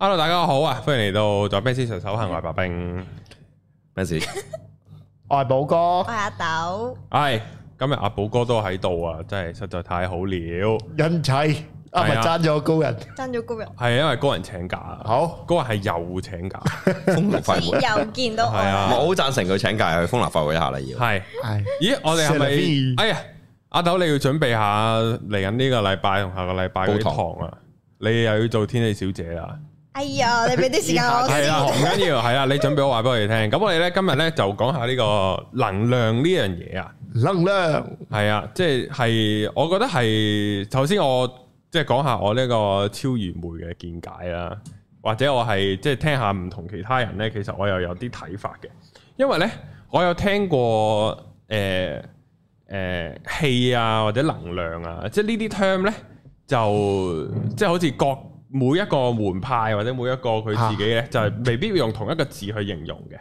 hello，大家好啊！歡迎嚟到在 Benz 上修行，我係白兵，咩事？我係寶哥，我係阿豆，係、哎、今日阿寶哥都喺度啊！真係實在太好了，人齊齊啊，咪爭咗高人，爭咗高人係，因為高人請假啊，好高人係又請假，風流快會 又見到我，我好贊成佢請假去風流快會下啦。要係係咦？我哋係咪哎呀？阿豆你要準備下嚟緊呢個禮拜同下個禮拜嗰堂啊？塞你又要做天氣小姐啊。哎呀，你俾啲時間我先。係啦，唔緊要，係啦，你準備我話俾我哋聽。咁我哋咧今日咧就講下呢個能量呢樣嘢啊。能量係啊，即係我覺得係，首先我即係講下我呢個超愚昧嘅見解啊，或者我係即係聽下唔同其他人咧，其實我又有啲睇法嘅。因為咧，我有聽過誒誒氣啊，或者能量啊，即係呢啲 term 咧，就即係好似各。每一個門派或者每一個佢自己咧，就係未必要用同一個字去形容嘅。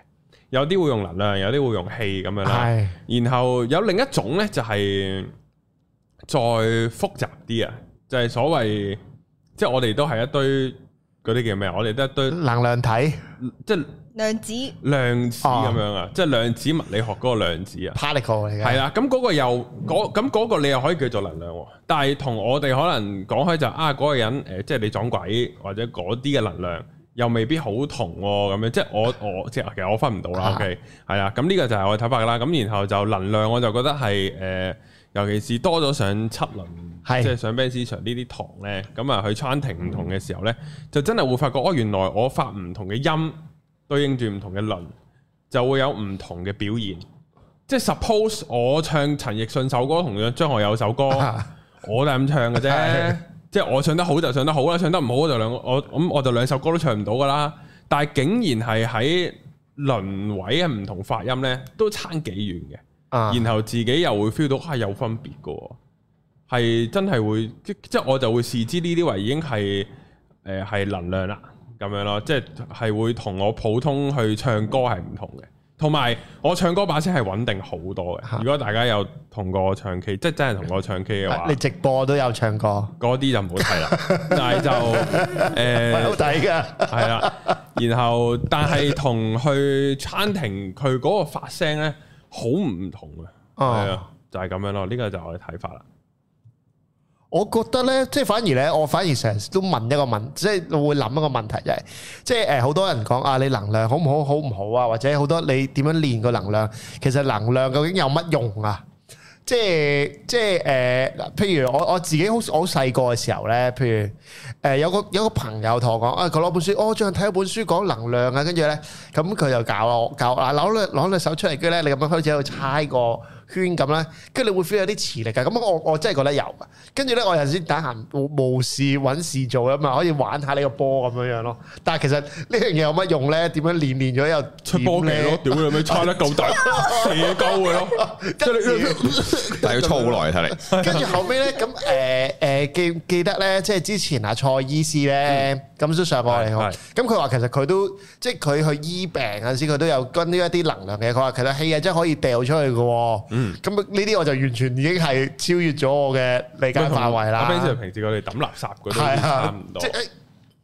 有啲會用能量，有啲會用氣咁樣啦。然後有另一種咧，就係再複雜啲啊，就係所謂即係我哋都係一堆嗰啲叫咩？我哋都係一堆能量體，即係。量子，量子咁樣啊，即係、就是、量子物理學嗰個量子啊，particle 係啦。咁嗰、啊、個又嗰咁嗰個，你又可以叫做能量。但係同我哋可能講開就是、啊，嗰、那個人誒，即、呃、係、就是、你撞鬼或者嗰啲嘅能量又未必好同咁、哦、樣。即係我我即係其實我分唔到啦。啊、OK 係啦、啊。咁呢個就係我嘅睇法啦。咁然後就能量，我就覺得係誒、呃，尤其是多咗上七輪，是即係上 Benz Sir 呢啲堂咧，咁、嗯、啊去餐廳唔同嘅時候咧、嗯，就真係會發覺哦、啊，原來我發唔同嘅音。對應住唔同嘅輪，就會有唔同嘅表現。即係 suppose 我唱陳奕迅首歌，同張學友首歌， 我都係咁唱嘅啫。即係 我唱得好就唱得好啦，唱得唔好就兩我咁、嗯、我就兩首歌都唱唔到噶啦。但係竟然係喺輪位係唔同發音呢，都差幾遠嘅。 然後自己又會 feel 到啊、哎、有分別嘅，係真係會即即係我就會視之呢啲位已經係係、呃、能量啦。咁樣咯，即、就、係、是、會同我普通去唱歌係唔同嘅，同埋我唱歌把聲係穩定好多嘅。啊、如果大家有同過我唱 K，即係真係同我唱 K 嘅話、啊，你直播都有唱歌，嗰啲就唔好睇啦。 但係就誒，好抵㗎，係啦。 然後但係同去餐廳，佢嗰個發聲咧好唔同嘅，係啊，就係、是、咁樣咯。呢、這個就我嘅睇法啦。我覺得咧，即係反而咧，我反而成日都問一個問，即係會諗一個問題就係，即係誒好多人講啊，你能量好唔好，好唔好啊，或者好多你點樣練個能量，其實能量究竟有乜用啊？即係即係誒、呃，譬如我我自己好好細個嘅時候咧，譬如誒有個有個朋友同我講，啊佢攞本書，我、哦、最近睇一本書講能量啊，跟住咧咁佢就教我教嗱攞兩攞兩手出嚟，跟住咧你咁樣開始喺度猜過圈咁咧，跟住你會 feel 有啲磁力嘅，咁我我真係覺得有。跟住咧，我有時等閒無事揾事做啊，嘛，可以玩下呢個波咁樣樣咯。但係其實呢樣嘢有乜用咧？點樣練練咗又出波嘅咯？屌你咪猜得夠大，肥嘅鳩嘅咯。但係要操好耐睇嚟。跟住後尾咧，咁誒誒記記得咧，即係之前阿、啊、蔡醫師咧，咁都、嗯、上過嚟嘅。咁佢話其實佢都即係佢去醫病陣時，佢都有跟呢一啲能量嘅。佢話其實氣啊真係可以掉出去嘅喎。嗯嗯，咁呢啲我就完全已經係超越咗我嘅理解範圍啦。阿 b e 就平時我哋抌垃圾嗰啲差唔多，啊，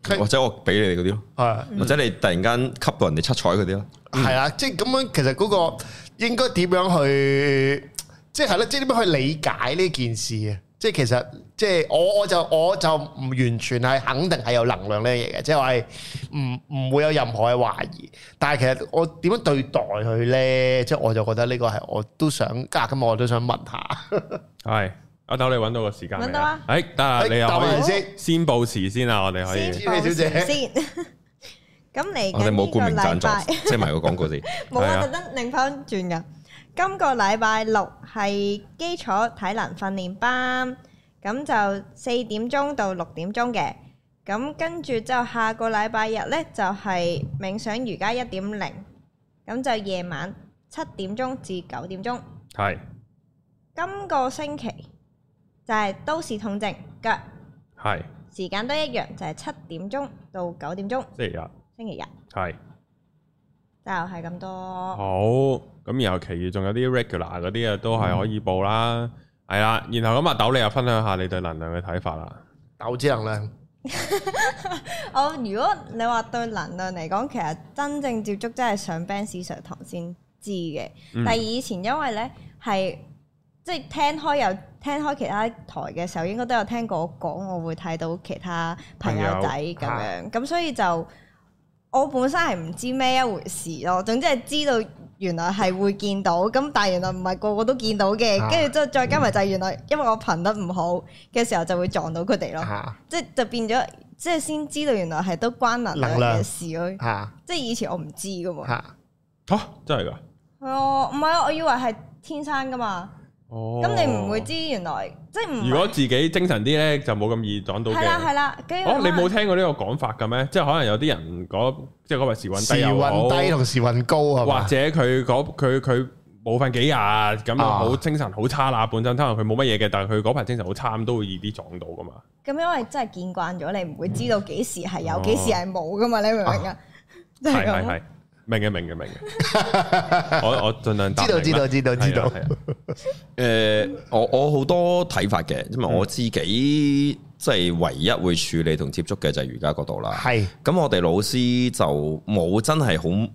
呃、或者我俾你嗰啲咯，啊、或者你突然間吸到人哋七彩嗰啲咯，係啊，即係咁樣。其實嗰個應該點樣去，即係咧、啊，即係點樣去理解呢件事啊？即係其實，即係我我就我就唔完全係肯定係有能量呢樣嘢嘅，即係我係唔唔會有任何嘅懷疑。但係其實我點樣對待佢咧？即係我就覺得呢個係我都想、啊、今日我都想問下。係阿豆，你揾到個時間未？揾到啦。誒、哎，得啦，你又答我先。先報辭先啦，我哋可以。小姐先。咁你我哋冇冠名贊助，遮埋個廣告先。冇啊先，特登擰翻轉㗎。今個禮拜六係基礎體能訓練班，咁就四點鐘到六點鐘嘅。咁跟住就下個禮拜日咧就係、是、冥想瑜伽一點零，咁就夜晚七點鐘至九點鐘。係是。今個星期就係都市痛症腳，係是時間都一樣，就係、是、七點鐘到九點鐘。星期日。星期日。係是。就係咁多。好。咁、嗯、然後，其餘仲有啲 regular 嗰啲啊，都係可以報啦，係啦。然後咁阿豆你又分享下你，能 你對能量嘅睇法啦。豆知能量，我如果你話對能量嚟講，其實真正接觸真係上 Benz Sir 堂先知嘅。嗯、但係以前因為咧係即係聽開有聽開其他台嘅時候，應該都有聽過講，我會睇到其他朋友仔咁友、啊、樣，咁所以就。我本身係唔知咩一回事咯，總之係知道原來係會見到，咁但係原來唔係個個都見到嘅，跟住之後再加埋就係原來，因為我頻得唔好嘅時候就會撞到佢哋咯，即係就變咗，即係先知道原來係都關能量嘅事咯，能量啊、即係以前我唔知噶嘛。吓？真係噶？係啊，唔係啊，我以為係天生噶嘛。哦，咁你唔會知原來即係如果自己精神啲咧，就冇咁易撞到。係啦係啦，啊就係、哦，你冇聽過呢個講法嘅咩？即係可能有啲人嗰即係嗰排時運低又好，時運低同時運高啊，或者佢佢佢冇瞓幾日咁啊，好精神好差啦，本身，可能佢冇乜嘢嘅，但係佢嗰排精神好差，都會易啲撞到噶嘛。咁、嗯哦、因為真係見慣咗，你唔會知道幾時係有幾、哦、時係冇噶嘛，你明唔明啊？係係係。明嘅，明嘅，明嘅。 我我盡量答知道，知道，知道，知道、啊。誒、啊 呃，我我好多睇法嘅，因為我自己即係唯一會處理同接觸嘅就係瑜伽嗰度啦。係是，咁我哋老師就冇真係好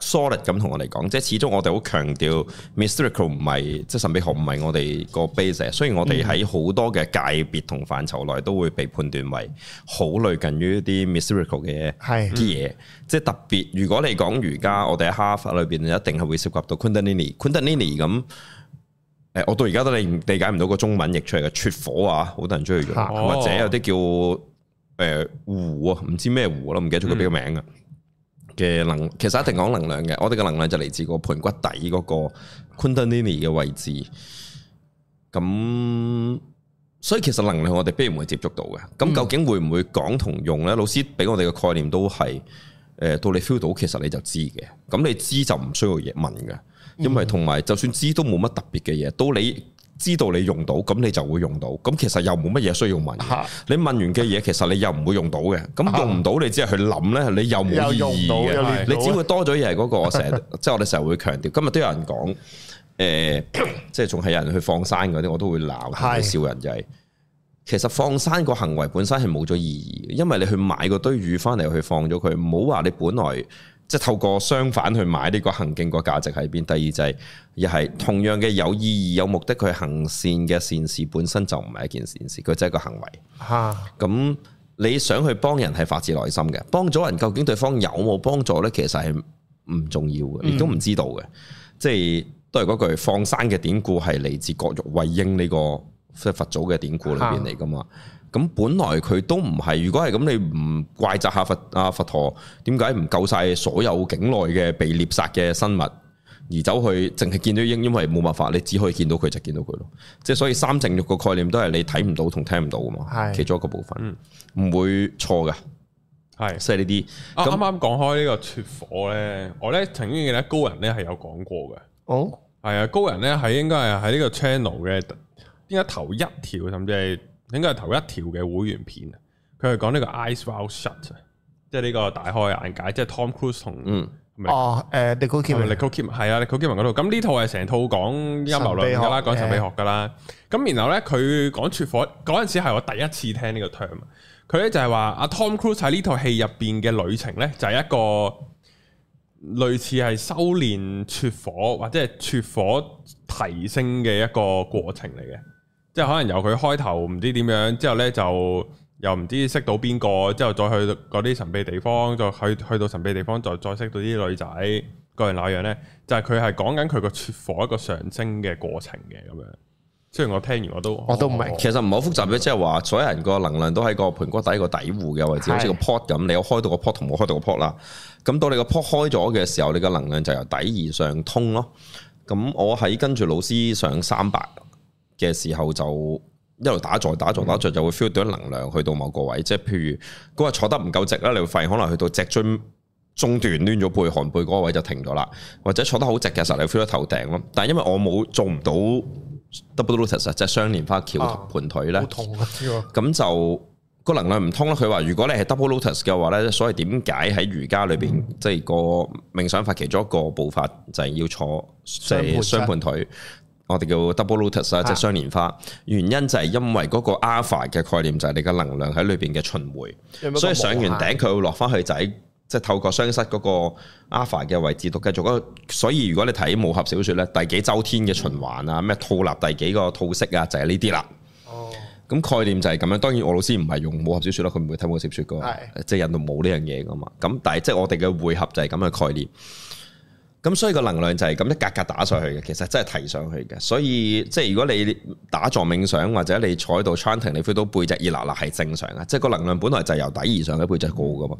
solid 咁同我嚟講，即係始終我哋好強調 mystical 唔係，即係神秘學唔係我哋個 basic，雖然我哋喺好多嘅界別同範疇內都會被判斷為好類近於一啲 mystical 嘅啲嘢，是即係特別如果你講瑜伽，我哋喺哈佛 l f 裏邊一定係會涉及到 kundalini、mm. kundalini 咁。誒，我到而家都理解唔到個中文譯出嚟嘅拙火啊，好多人中意用，哦、或者有啲叫誒、呃、湖啊，唔知咩湖啦，唔記得咗佢邊個名啊。Mm. 嘅能，其實一定講能量嘅。我哋嘅能量就嚟自個盤骨底嗰個 Kundalini 嘅位置。咁所以其實能量我哋必然會接觸到嘅。咁究竟會唔會講同用咧？嗯、老師俾我哋嘅概念都係，誒到你 feel 到，其實你就知嘅。咁你知就唔需要嘢問嘅，因為同埋就算知都冇乜特別嘅嘢。到你。知道你用到，咁你就會用到。咁其實又冇乜嘢需要問。你問完嘅嘢，其實你又唔會用到嘅。咁用唔到，你只係去諗呢，你又冇意義嘅。你只會多咗嘢係嗰個我，成日，即係我哋成日會強調。今日都有人講，誒、呃，即係仲係有人去放山嗰啲，我都會鬧，係笑人就係、係。其實放山個行為本身係冇咗意義，因為你去買個堆魚翻嚟去放咗佢，唔好話你本來。即係透過相反去買呢個行徑個價值喺邊？第二就係又係同樣嘅有意義、有目的去行善嘅善事本身就唔係一件善事，佢就係一個行為。嚇、啊！咁、嗯、你想去幫人係發自內心嘅，幫咗人究竟對方有冇幫助呢？其實係唔重要嘅，亦都唔知道嘅。嗯、即係都係嗰句放生嘅典故係嚟自國玉慧英呢個佛祖嘅典故裏邊嚟噶嘛。啊啊。咁本來佢都唔係，如果係咁，你唔怪責下佛啊佛陀，點解唔救晒所有境內嘅被獵殺嘅生物，而走去淨係見到鷹，因為冇辦法，你只可以見到佢就見到佢咯。即係所以三淨肉個概念都係你睇唔到同聽唔到噶嘛，係是其中一個部分，唔、嗯、會錯噶。係是，即係呢啲。咁啱啱講開呢個脫火咧，我咧曾經記得高人咧係有講過嘅。哦，係啊，高人咧係應該係喺呢個 channel 嘅，點解頭一條甚至係。應該係頭一條嘅會員片，佢係講呢個《Eyes Wide Shut》啊，即係呢個大開眼界，即係 Tom Cruise 同哦誒 Nicole Kidman、Nicole Kidman，係啊，Nicole Kidman 嗰套，咁呢套係成套講陰謀論啦，講神秘學噶啦。咁、嗯、然後咧，佢講脫火嗰陣時係我第一次聽個呢個 term。佢咧就係話阿 Tom Cruise 喺呢套戲入邊嘅旅程咧，就係、是、一個類似係修煉脫火或者係脫火提升嘅一個過程嚟嘅。即係可能由佢開頭唔知點樣，之後咧就又唔知識到邊個，之後再去嗰啲神秘地方，再去去到神秘地方再，再再識到啲女仔各樣那樣咧，就係佢係講緊佢個出火一個上升嘅過程嘅咁樣。雖然我聽完我都我都唔明，哦、其實唔好複雜嘅，即係話所有人個能量都喺個盆骨底個底戶嘅位置，好似個 pot 咁的。你有開到個 pot 同冇開到個 pot 啦，咁到你個 pot 開咗嘅時候，你個能量就由底而上通咯。咁我喺跟住老師上三百。嘅時候就一路打坐打坐打坐就會 feel 到能量去到某個位，即係譬如佢話坐得唔夠直啦，你會發現可能去到脊椎中段攣咗背寒背嗰個位就停咗啦，或者坐得好直嘅時候你 feel 到頭頂咯。但係因為我冇做唔到 double lotus 即係雙蓮花橋盤腿咧，咁、啊、好痛、就個能量唔通啦。佢話如果你係 double lotus 嘅話咧，所以點解喺瑜伽裏邊即係個冥想法其中一個步法就係要坐即係雙盤腿？我哋叫 double lotus 即係雙蓮花。啊、原因就係因為嗰個 alpha 嘅概念就係你嘅能量喺裏邊嘅循環，什所以上完頂佢限會落翻去，就喺即係透過雙室嗰個 alpha 嘅位置度繼續。所以如果你睇武俠小說咧，第幾周天嘅循環啊，咩、嗯、套立第幾個套式啊，就係呢啲啦。哦。咁概念就係咁樣。當然我老師唔係用武俠小說啦，佢唔會睇武俠小說噶，是引即係印度冇呢樣嘢噶嘛。咁但係即係我哋嘅匯合就係咁嘅概念。咁所以個能量就係咁，一格格打上去嘅，其實真係提上去嘅。所以即係如果你打坐冥想或者你坐喺度 chanting，你 feel 到背脊熱辣辣係正常嘅，即係個能量本來就由底而上嘅背脊過嘅喎。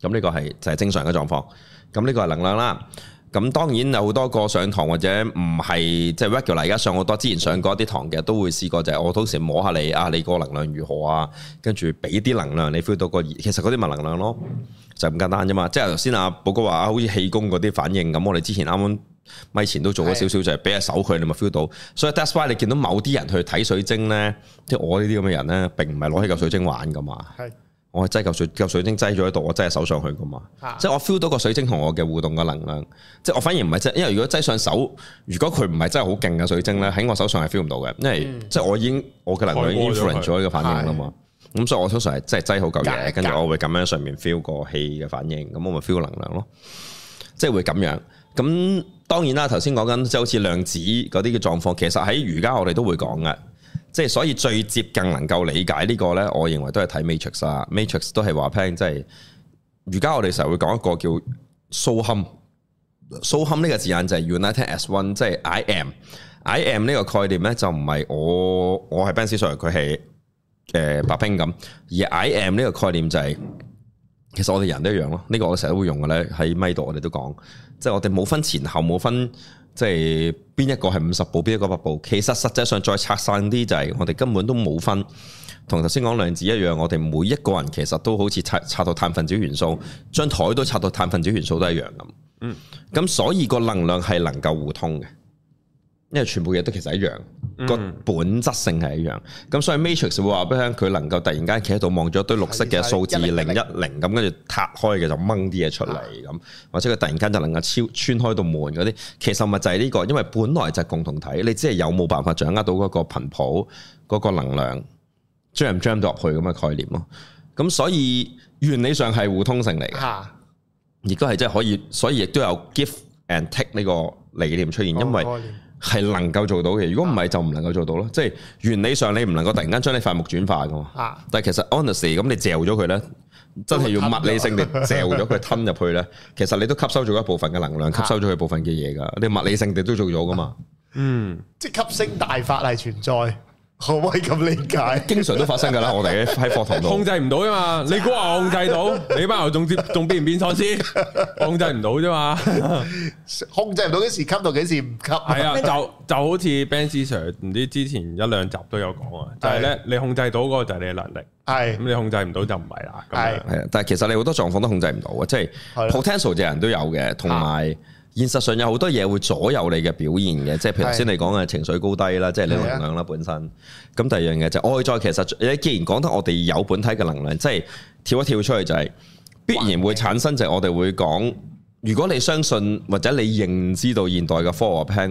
咁呢個係就係正常嘅狀況。咁呢個係能量啦。咁當然有好多個上堂或者唔係即係、就是、regular 而家上好多之前上過一啲堂嘅都會試過，就係、是、我到時摸下你啊，你個能量如何啊？跟住俾啲能量你 feel 到個熱，其實嗰啲咪能量咯。就咁簡單啫嘛！即係頭先阿寶哥話好似氣功嗰啲反應咁，我哋之前啱啱咪前都做咗少少，的就係俾隻手佢，你咪 feel 到。所以 that's why 你見到某啲人去睇水晶咧，即係我呢啲咁嘅人咧，並唔係攞起嚿水晶玩噶嘛。係的，我係擠嚿水水晶擠咗喺度，我擠喺手上去噶嘛。的即係我 feel 到個水晶同我嘅互動嘅能量。即係我反而唔係即因為如果擠上手，如果佢唔係真係好勁嘅水晶咧，喺我手上係 feel 唔到嘅。因為即係我已經我嘅能量已 full 咗一個反應啦嘛。咁、嗯、所以我通常係即係擠好嚿嘢，跟住我會咁樣上面 feel 個氣嘅反應，咁我咪 feel 能量咯，即係會咁樣。咁、嗯、當然啦，頭先講緊即係好似量子嗰啲嘅狀況，其實喺瑜伽我哋都會講㗎，即係所以最接近能夠理解呢個咧，我認為都係睇 Matrix 啊，Matrix 都係話 plan 即係瑜伽我哋成日會講一個叫 soham，soham 呢個字眼就係 united as one，即係 I am，I am 呢個概念咧就唔係我我係 Benz Sir，佢係。誒，白兵咁，而 I am 呢個概念就係、是，其實我哋人都一樣咯。呢、這個我成日都會用嘅咧，喺咪度我哋都講，即係我哋冇分前後，冇分即係邊一個係五十步，邊一個百步。其實實際上再拆散啲，就係我哋根本都冇分。同頭先講量子一樣，我哋每一個人其實都好似拆拆到碳分子元素，張台都拆到碳分子元素都一樣咁。嗯，咁所以個能量係能夠互通嘅。因為全部嘢都其實一樣，個、嗯、本質性係一樣，咁所以 Matrix 會話俾佢能夠突然間企喺度望咗一堆綠色嘅數字零一零，咁跟住撻開嘅就掹啲嘢出嚟，咁的或者佢突然間就能夠超穿開到門嗰啲，其實咪就係呢、這個，因為本來就係共同體，你只係有冇辦法掌握到嗰個頻譜、嗰、那個能量，將唔將到落去咁嘅概念咯。咁所以原理上係互通性嚟，嘅的，亦都係即係可以，所以亦都有 give and take 呢個理念出現，好嗯、因為。係能夠做到嘅，如果唔係就唔能夠做到咯。啊、即係原理上你唔能夠突然間將你塊木轉化噶嘛。啊、但係其實 honest 咁實你嚼咗佢呢，真係要物理性地嚼咗佢吞入去呢。 其實你都吸收咗一部分嘅能量，吸收咗佢部分嘅嘢㗎。你物理性地都做咗㗎嘛。啊、嗯，即係吸星大法係存在。嗯。可唔可以咁理解，經常都發生噶啦，我哋喺課堂度控制唔到啊嘛， 你估我控制到，你班友仲接仲變唔變錯先？控制唔到啫嘛，控制唔到幾時吸到幾時唔吸？係啊，就就好似 Benz Sir 唔知之前一兩集都有講啊，就係咧你控制到嗰個就係你嘅能力，係咁對你控制唔到就唔係啦，係係啊，但係其實你好多狀況都控制唔到嘅，即係 potential 嘅人都有嘅，同埋。現實上有好多嘢會左右你嘅表現嘅，即係譬如先你講嘅情緒高低啦，的即係你能量啦本身。咁的第二樣嘢就外在。其實你既然講得我哋有本體嘅能量，即係跳一跳出去就係必然會產生，你就係我哋會講，如果你相信或者你認知到現代嘅科學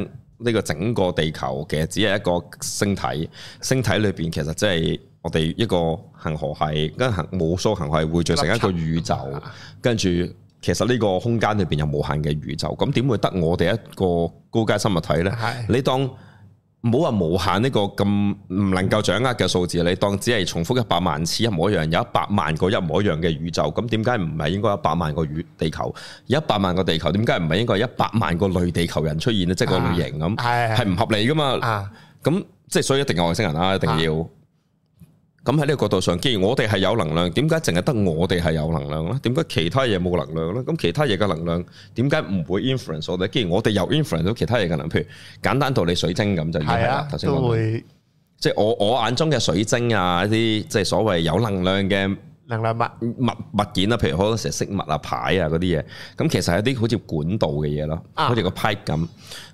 呢個，整個地球其實只係一個星體，星體裏邊其實即係我哋一個恆河系，跟恆無數恆河系會聚成一個宇宙，的跟住。其實呢個空間裏邊有無限嘅宇宙，咁點會得我哋一個高階生物體呢？你當唔好話無限呢個咁唔能夠掌握嘅數字，你當只係重複一百萬次一模一樣，有一百萬個一模一樣嘅宇宙，咁點解唔係應該一百萬個宇地球？一百萬個地球，點解唔係應該一百萬個類地球人出現呢？即係個類型咁，係唔合理噶嘛？咁即係所以一定係外星人啦，一定要。咁喺呢個角度上，既然我哋係有能量，點解淨係得我哋係有能量咧？點解其他嘢冇能量咧？咁其他嘢嘅能量點解唔會 influence 我哋？既然我哋又 influence 到其他嘢嘅能量，譬如簡單道理水晶咁就已經係啦。頭先講即係我我眼中嘅水晶啊，一啲即係所謂有能量嘅。物物件啦，譬如好多成日飾物啊、牌啊嗰啲嘢，咁其實有啲好似管道嘅嘢咯，好似、啊、個 pipe 咁，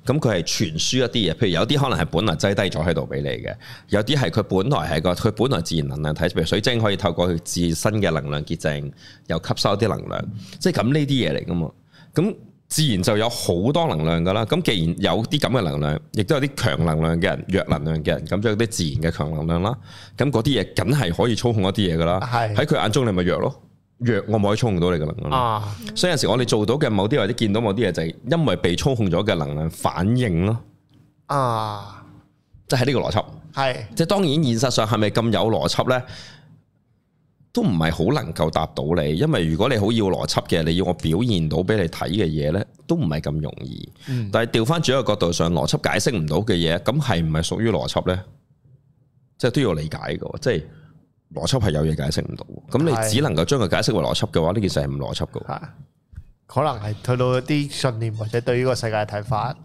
咁佢係傳輸一啲嘢，譬如有啲可能係本來擠低咗喺度俾你嘅，有啲係佢本來係個佢本來自然能量體，譬如水晶可以透過佢自身嘅能量潔淨，又吸收一啲能量，即係咁呢啲嘢嚟㗎嘛，咁、嗯。自然就有好多能量噶啦，咁既然有啲咁嘅能量，亦都有啲強能量嘅人、弱能量嘅人，咁就有啲自然嘅強能量啦。咁嗰啲嘢梗係可以操控一啲嘢噶啦。係喺佢眼中你咪弱咯，弱我冇可以操控到你嘅能量啊。所以有陣時我哋做到嘅某啲或者見到某啲嘢就係因為被操控咗嘅能量反應咯。啊，即係呢個邏輯係，即係是當然現實上係咪咁有邏輯咧？都唔係好能夠答到你，因為如果你好要邏輯嘅，你要我表現到俾你睇嘅嘢呢，都唔係咁容易。嗯、但係調翻轉一個角度上，邏輯解釋唔到嘅嘢，咁係唔係屬於邏輯呢？即係都要理解嘅，即係邏輯係有嘢解釋唔到。咁你只能夠將佢解釋為邏輯嘅話，呢件事係唔邏輯嘅。可能係退到一啲信念或者對呢個世界嘅睇法。誒、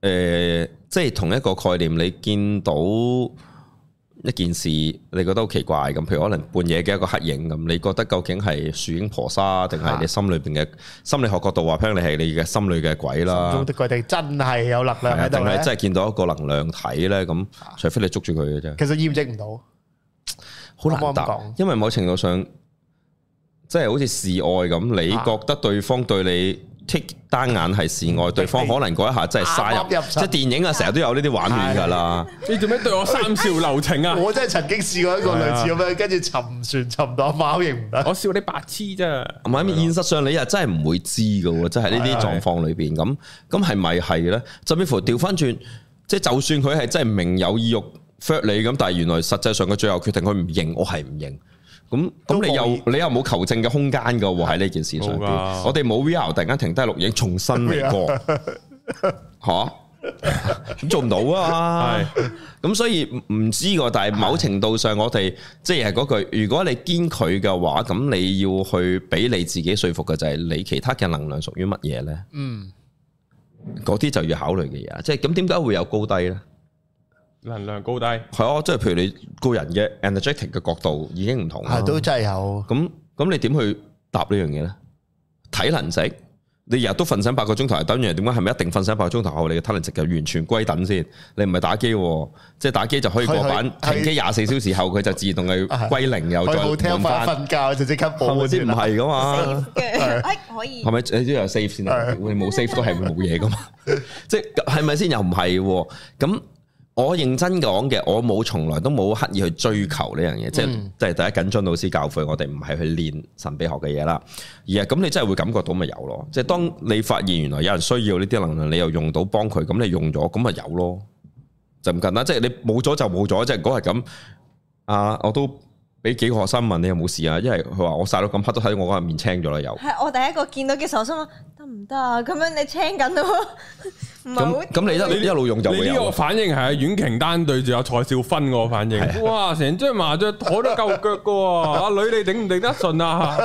呃，即係同一個概念，你見到。一件事你覺得好奇怪咁，譬如可能半夜嘅一個黑影咁，你覺得究竟係樹影婆娑，定係你心裏邊嘅心理學角度話，譬如你係你嘅心裏嘅鬼啦，佢哋真係有能量定係真係見到一個能量體呢？咁除非你捉住佢嘅啫。其實驗證唔到，好難講，因為某程度上即係好似示愛咁，你覺得對方對你。即單眼係示愛，對方你可能嗰一下真係嘥入，你即係電影啊，成日都有呢啲畫面噶啦。 你做咩對我三笑留情啊？ 我真係曾經試過一個類似咁樣，跟住 沉船沉到貓型。 我笑你白痴啫。唔係，現實上你又真係唔會知噶，即係對呢啲狀況裏邊咁。咁係咪係咧？甚至乎調翻轉，即係就算佢係真係明有意欲 fuck 你咁， 但係原來實際上佢最後決定佢唔認，我係唔認。咁咁、嗯、你又你又冇求證嘅空間噶喎喺呢件事上邊，啊啊、我哋冇理由突然間停低錄影，重新嚟過，吓、 啊、 做唔到啊！咁 所以唔知噶，但係某程度上我哋即係嗰句，如果你堅拒嘅話，咁你要去俾你自己說服嘅就係你其他嘅能量屬於乜嘢咧？嗯，嗰啲就要考慮嘅嘢，即係咁點解會有高低咧？能量高低係哦，即係譬如你個人嘅 energetic 嘅角度已經唔同，係都真係有。咁咁你點去答呢樣嘢咧？體能值，你日日都瞓醒八個鐘頭，等於點解係咪一定瞓醒八個鐘頭後，你嘅體能值就完全歸等先？你唔係打機，即係打機就可以過版停機廿四小時後，佢就自動去歸零又再。冇聽翻瞓覺就即刻補，即係唔係噶嘛？哎，可以係咪你先又 save 先啊？我哋冇 save 都係會冇嘢噶嘛？即係咪先又唔係咁？我認真講嘅，我冇從來都冇刻意去追求呢樣嘢，嗯、即係即係第一緊張老師教誨我哋唔係去練神秘學嘅嘢啦，而係咁你真係會感覺到咪有咯，即係當你發現原來有人需要呢啲能量，你又用到幫佢，咁你用咗，咁咪有咯，就唔簡單，即係你冇咗就冇咗，即係如果係咁，啊，我都。俾幾個學生問，你有冇事啊？因為佢話我曬到咁黑，都喺我嗰面青咗啦。又係我第一個見到嘅時候，心諗得唔得啊？咁樣你青緊咯。咁咁你一一路用就呢個反應係啊？苑瓊丹對住阿蔡少芬個反應，啊、哇！成張麻雀枱都夠腳噶阿女，你頂唔頂得順啊？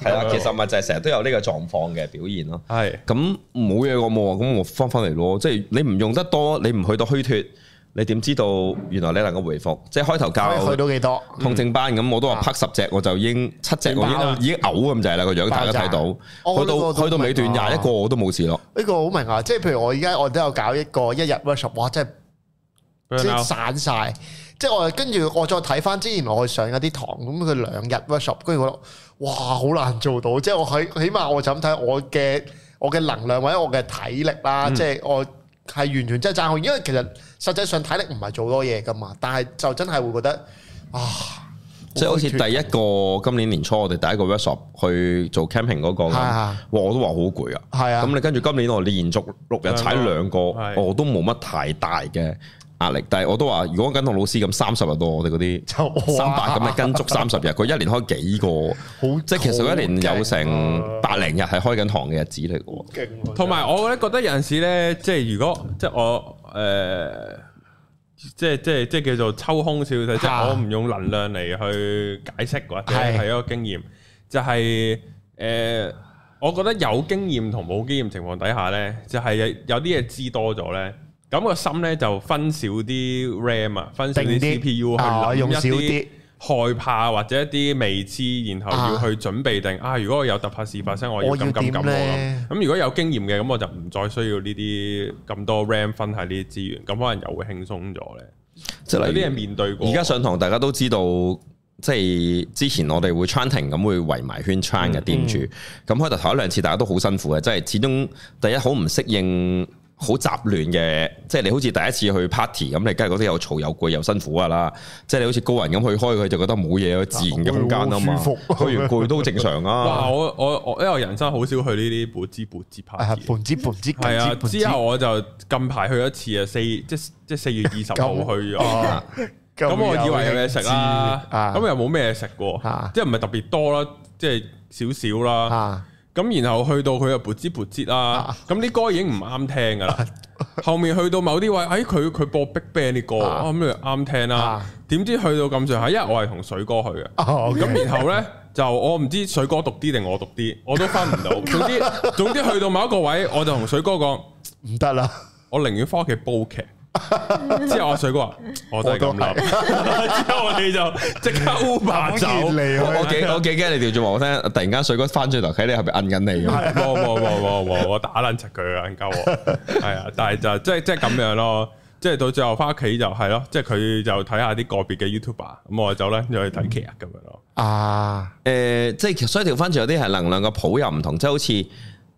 係啦、啊 啊，其實咪就係成日都有呢個狀況嘅表現咯。係咁冇嘢我冇咁我翻翻嚟咯。即係你唔用得多，你唔去到虛脫。你點知道？原來你能夠回復，即係開頭教是是去到幾多、嗯、痛症班咁，我都話拍十隻，我就已經七隻，我已經已經嘔咁滯啦個樣，大家睇到、哦、去到、啊、去到尾段廿一個我都冇事咯。呢個好明啊！即係譬如我而家我都有搞一個一日 workshop，哇！真係即係散晒，即係我跟住我再睇翻之前我去上一啲堂咁，佢兩日 workshop，跟住我哇好難做到，即係我起起碼我就咁睇我嘅我嘅能量或者我嘅體力啦，即係我係、嗯、完全真係爭好，因為其實。實際上體力唔係做多嘢噶嘛，但係就真係會覺得啊，即係好似第一個今年年初我哋第一個 workshop 去做 camping 嗰、那個，啊、哇我都話好攰啊，咁你跟住今年我連續六日踩兩個，我、啊哦、都冇乜太大嘅壓力，但係我都話如果跟同老師咁三十日到，我哋嗰啲三百咁，你跟足三十日，佢一年開幾個， 的即係其實一年有成百零日係開緊堂嘅日子嚟嘅喎，同埋我咧覺得有陣時咧，即係如果即係我。誒、呃，即係即係即係叫做抽空少少，哈即係我唔用能量嚟去解釋，或者係一個經驗，是就係、是、誒、呃，我覺得有經驗同冇經驗情況底下咧，就係、是、有啲嘢知多咗咧，咁、那個心咧就分少啲 RAM 啊，分少啲 CPU 去用少啲。害怕或者一啲未知，然後要去準備定啊，啊！如果我有突發事發生，我要緊緊緊咁。咁如果有經驗嘅，咁我就唔再需要呢啲咁多 RAM 分下呢啲資源，咁可能又會輕鬆咗咧。即係有啲人面對過。而家上堂大家都知道，即係之前我哋會 chanting 咁會圍埋圈 chant 嘅，掂住。咁開頭頭一兩次大家都好辛苦嘅，即係始終第一好唔適應。好雜亂嘅，即係你好似第一次去 party 咁，你梗係嗰啲又嘈又攰又辛苦啊啦！即係你好似高人咁去開佢，就覺得冇嘢自然嘅空間咯，唔舒服，開完攰都正常啊！哇！我我我，因為人生好少去呢啲半肢半肢 party 係啊！之後我就近排去一次啊，四即即四月二十號去啊，咁我以為有嘢食啊，咁又冇咩食過，即係唔係特別多啦，即係少少啦。咁然後去到佢就卜吱卜吱啦。咁啲、啊、歌已經唔啱聽噶啦。啊、後面去到某啲位，哎佢佢播 Big Bang 啲歌，啱啱聽啦。點知、啊啊嗯、去到咁上下，因為我係同水哥去嘅，咁、啊 okay。然後呢，就我唔知水哥讀啲定我讀啲，我都分唔到。 總之總之去到某一個位，我就同水哥講唔得啦，了了我寧願翻屋企煲劇。之後阿水哥話我都係咁諗，之後我哋就即刻 Uber 走離開。我幾我幾驚 你調轉埋，我聽突然間水哥翻轉頭喺你後邊摁緊你咁。 我打爛柒佢啊，眼球。係啊，但係就即即咁樣咯，即係到最後翻屋企就係咯，即係佢就睇下啲個別嘅 YouTuber，咁我就走咧又去睇劇咁樣咯。啊，誒、呃，即係其實所以調翻轉有啲係能量嘅譜又唔同，即係好似。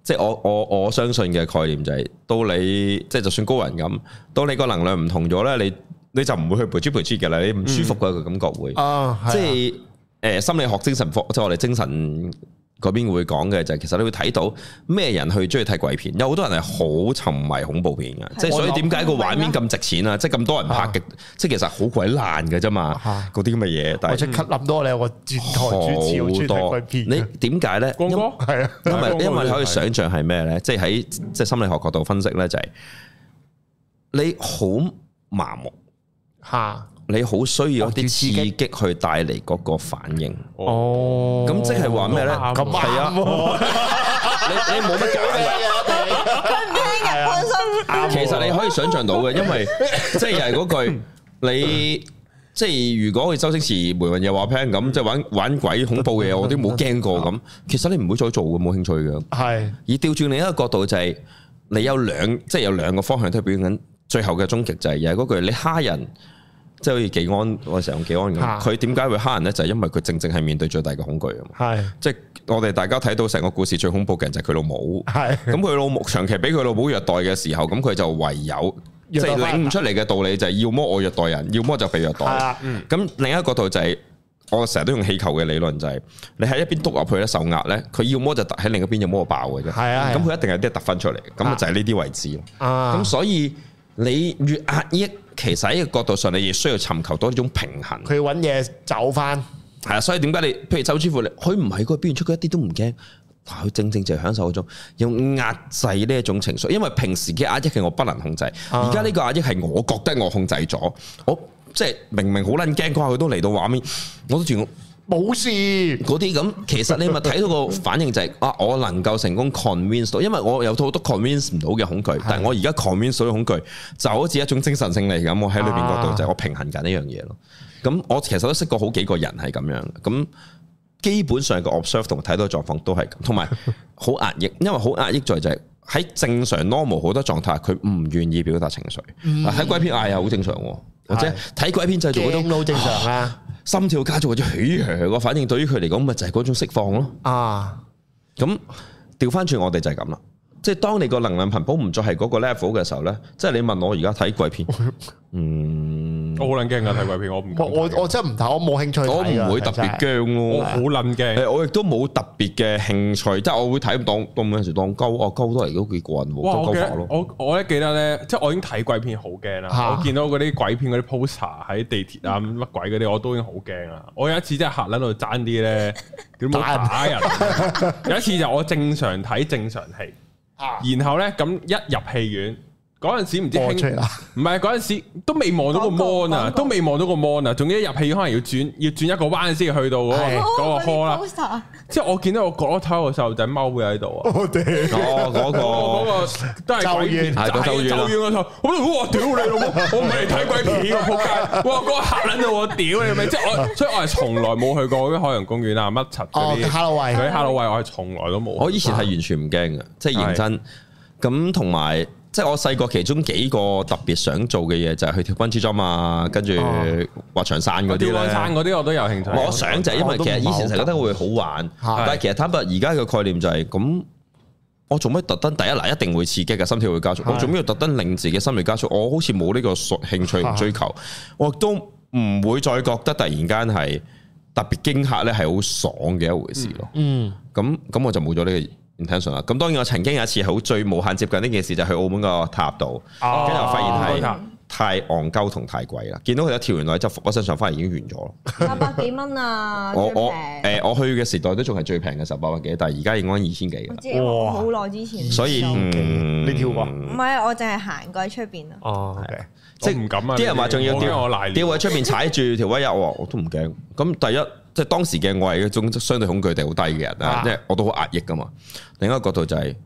即係我我我相信嘅概念就係、是，到你即係就算高人咁，到你個能量唔同咗咧，你你就唔會去陪追陪追嘅啦，你唔舒服嘅個感覺會，嗯哦、即係誒、呃、心理學、精神科，即係我哋精神。嗰邊會講嘅就係其實你會睇到咩人去鍾意睇鬼片，有好多人係好沉迷恐怖片嘅，即係的所以點解個畫面咁值錢啊！即係咁多人拍極，即係的其實好鬼爛嘅啫嘛，嗰啲咁嘅嘢。但我即刻諗多，你有個轉台主持好多。鬼片，你點解咧？光哥，係啊，因為因為可以想象係咩咧？即係喺即係心理學角度分析咧，就係，就係你好麻木嚇。你好需要一啲刺激去帶嚟嗰個反應哦，咁即係話咩咧？係啊， 你 你冇乜，佢唔驚嘅本身。 你其實你可以想象到嘅，因為 即係又係嗰句，你即係如果好似周星馳、梅云又話 plan 咁，即係玩玩鬼恐怖嘅嘢，我都冇驚過咁。其實你唔會再做嘅，冇興趣嘅。係是而調轉另一個角度就係、是，你有兩即係有兩個方向都係表現緊最後嘅終極就係又係嗰句，你蝦人。即係好似紀安，我成日用紀安咁。佢點解會蝦人咧？就係、是、因為佢正正係面對最大嘅恐懼啊！是的 即係我哋大家睇到成個故事最恐怖嘅人就係佢老母。咁佢老母長期俾佢老母虐待嘅時候，咁佢就唯有即係領悟出嚟嘅道理就係：要麼我虐待人，要麼就被虐待。咁、嗯、另一個角度就係、是、我成日都用氣球嘅理論、就是，就係你喺一邊篤入去咧受壓咧，佢要麼就喺另一邊要麼爆嘅啫。咁佢一定有啲突分出嚟，咁就喺呢啲位置。咁所以你越壓抑。其實喺個角度上，你亦需要尋求到呢種平衡。佢揾嘢走翻。係啊，所以點解你，譬如周師傅，你，佢唔喺嗰邊出，佢一啲都唔驚。但佢正正就係享受嗰種，用壓制呢一種情緒。因為平時嘅壓抑，其實我不能控制。而家呢個壓抑係我覺得我控制咗，我即係明明好撚驚，佢都嚟到畫面，我都住冇事嗰啲咁，其實你咪睇到個反應就係、是、 啊，我能夠成功 convince 到，因為我有好多 convince 唔到嘅恐懼，的但係我而家 convince 到嘅恐懼，就好似一種精神性嚟咁。我喺裏邊角度就係我平衡緊呢樣嘢咯。咁、啊、我其實都識過好幾個人係咁樣，咁基本上嘅 observe 同睇到嘅狀況都係咁，同埋好壓抑，因為好壓抑就在就係喺正常 normal 好多狀態，佢唔願意表達情緒，喺鬼片嗌又好正常喎、啊。或者睇鬼片製造嗰種都好怕、啊、正常啊，心跳加速或者噓噓，我反正對於佢嚟講咪就係嗰種釋放咯。啊，咁調返轉我哋就係咁啦。即係當你個能量頻譜唔再係嗰個 level 嘅時候咧，即係你問我而家睇鬼片， 嗯，我好撚驚噶睇鬼片，我唔，我我真係唔睇，我冇興趣，我唔會特別驚咯，我好撚驚，我亦都冇特別嘅興趣，即係我會睇當當有時當鳩，哦鳩都係都幾過癮喎，我記得我我咧記得咧，即係我已經睇鬼片好驚啦，啊、我見到嗰啲鬼片嗰啲 poster 喺地鐵啊乜鬼嗰啲我都已經好驚啊，我有一次即係嚇撚度爭啲咧，點打人？ 有一次就我正常睇正常戲。然後咧，咁一入戲院。嗰陣時唔知，唔係嗰陣時都未望到個 mon 啊，都未望到個 mon 啊，仲要一入戲，可能要轉要轉一個彎先去到嗰個嗰個啦。即係我見到我嗰一頭個細路仔踎喺度啊！哦嗰個嗰個都係九月，係九月啦。我唔好我屌你老母，我唔嚟睇鬼片個撲街！哇，嗰個嚇撚到我屌你咪！即係我，所以我係從來冇去過海洋公園啊，乜柒嗰啲。哈囉喂，我係從來都冇。我以前係完全唔驚嘅，即係認真咁同埋。即係我細個其中幾個特別想做嘅嘢，就係去跳蹦極 jump 啊，跟住滑長山嗰啲啲我都有興趣有。我想就係因為其實以前成日覺得會好玩，但係其實坦白而家嘅概念就係、是、咁，我做咩特登第一嗱一定會刺激嘅心跳會加速，的我做咩要特登令自己心跳加速？我好似冇呢個興趣同追求，的我都唔會再覺得突然間係特別驚嚇咧，係好爽嘅一回事咯、嗯。嗯，咁咁我就冇咗呢個。聽啦，咁當然我曾經有一次好最無限接近呢件事，就去澳門個塔度，跟住我發現係太昂鳩同太貴啦。見到佢一跳完落去，我身上反而已經完咗，八百幾蚊啊，最平。誒，我去嘅時代都仲係最平嘅十八百幾，但係而家已經二千幾啦。哇！好耐之前，所以呢條話唔係，我淨係行過喺出邊咯。哦，即係唔敢啊！啲人話仲要吊喺出邊踩住條威入喎，我都唔驚。咁第一。即係當時嘅我係一種相對恐懼度好低嘅人啊，即係我都好壓抑噶嘛。另一個角度就係、是，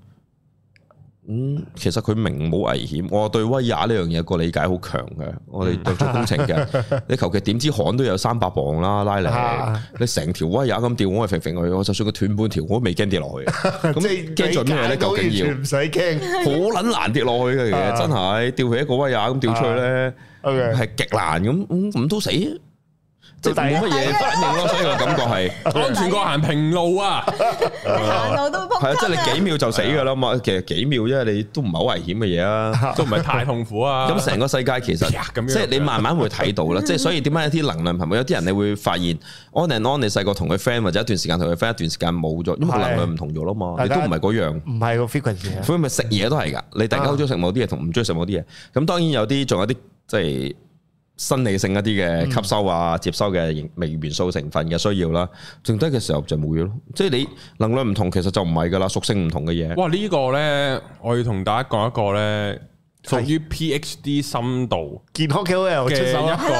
嗯，其實佢明冇危險。我對威亞呢樣嘢個理解好強嘅。我哋讀做工程嘅，嗯、 你求其點知焊都有三百磅啦，拉嚟、啊、你成條威亞咁吊，我係揈揈去。我就算佢斷半條，我都未驚跌落去。咁、啊、你驚在咩咧？究竟要唔使驚？好撚 難跌落去嘅，真係吊、啊、起一個威亞咁吊出去咧，係極難咁，咁、嗯、都、嗯嗯、死。即係冇乜嘢反應咯，所以我感覺係安全過行平路啊，係啊，即係你幾秒就死噶啦嘛，其實幾秒因為，你都唔係好危險嘅嘢啊，都唔係太痛苦啊。咁成個世界其實即係你慢慢會睇到啦，即係所以點解一啲能量平衡，有啲人你會發現，on and on，你細個同佢 friend 或者一段時間同佢 friend 一段時間冇咗，因為能量唔同咗啦嘛，你都唔係嗰樣，唔係個 frequency 啊。所以咪食嘢都係噶，你突然間好中意食某啲嘢，同唔中意食某啲嘢，咁當然有啲仲有啲即係。生理性一啲嘅吸收啊，接收嘅微元素成分嘅需要啦，剩低嘅時候就冇嘢咯。即係你能量唔同，其實就唔係噶啦，屬性唔同嘅嘢。哇！這個、呢個咧，我要同大家講一個咧，屬於 PhD 深度健康 KOL 嘅一個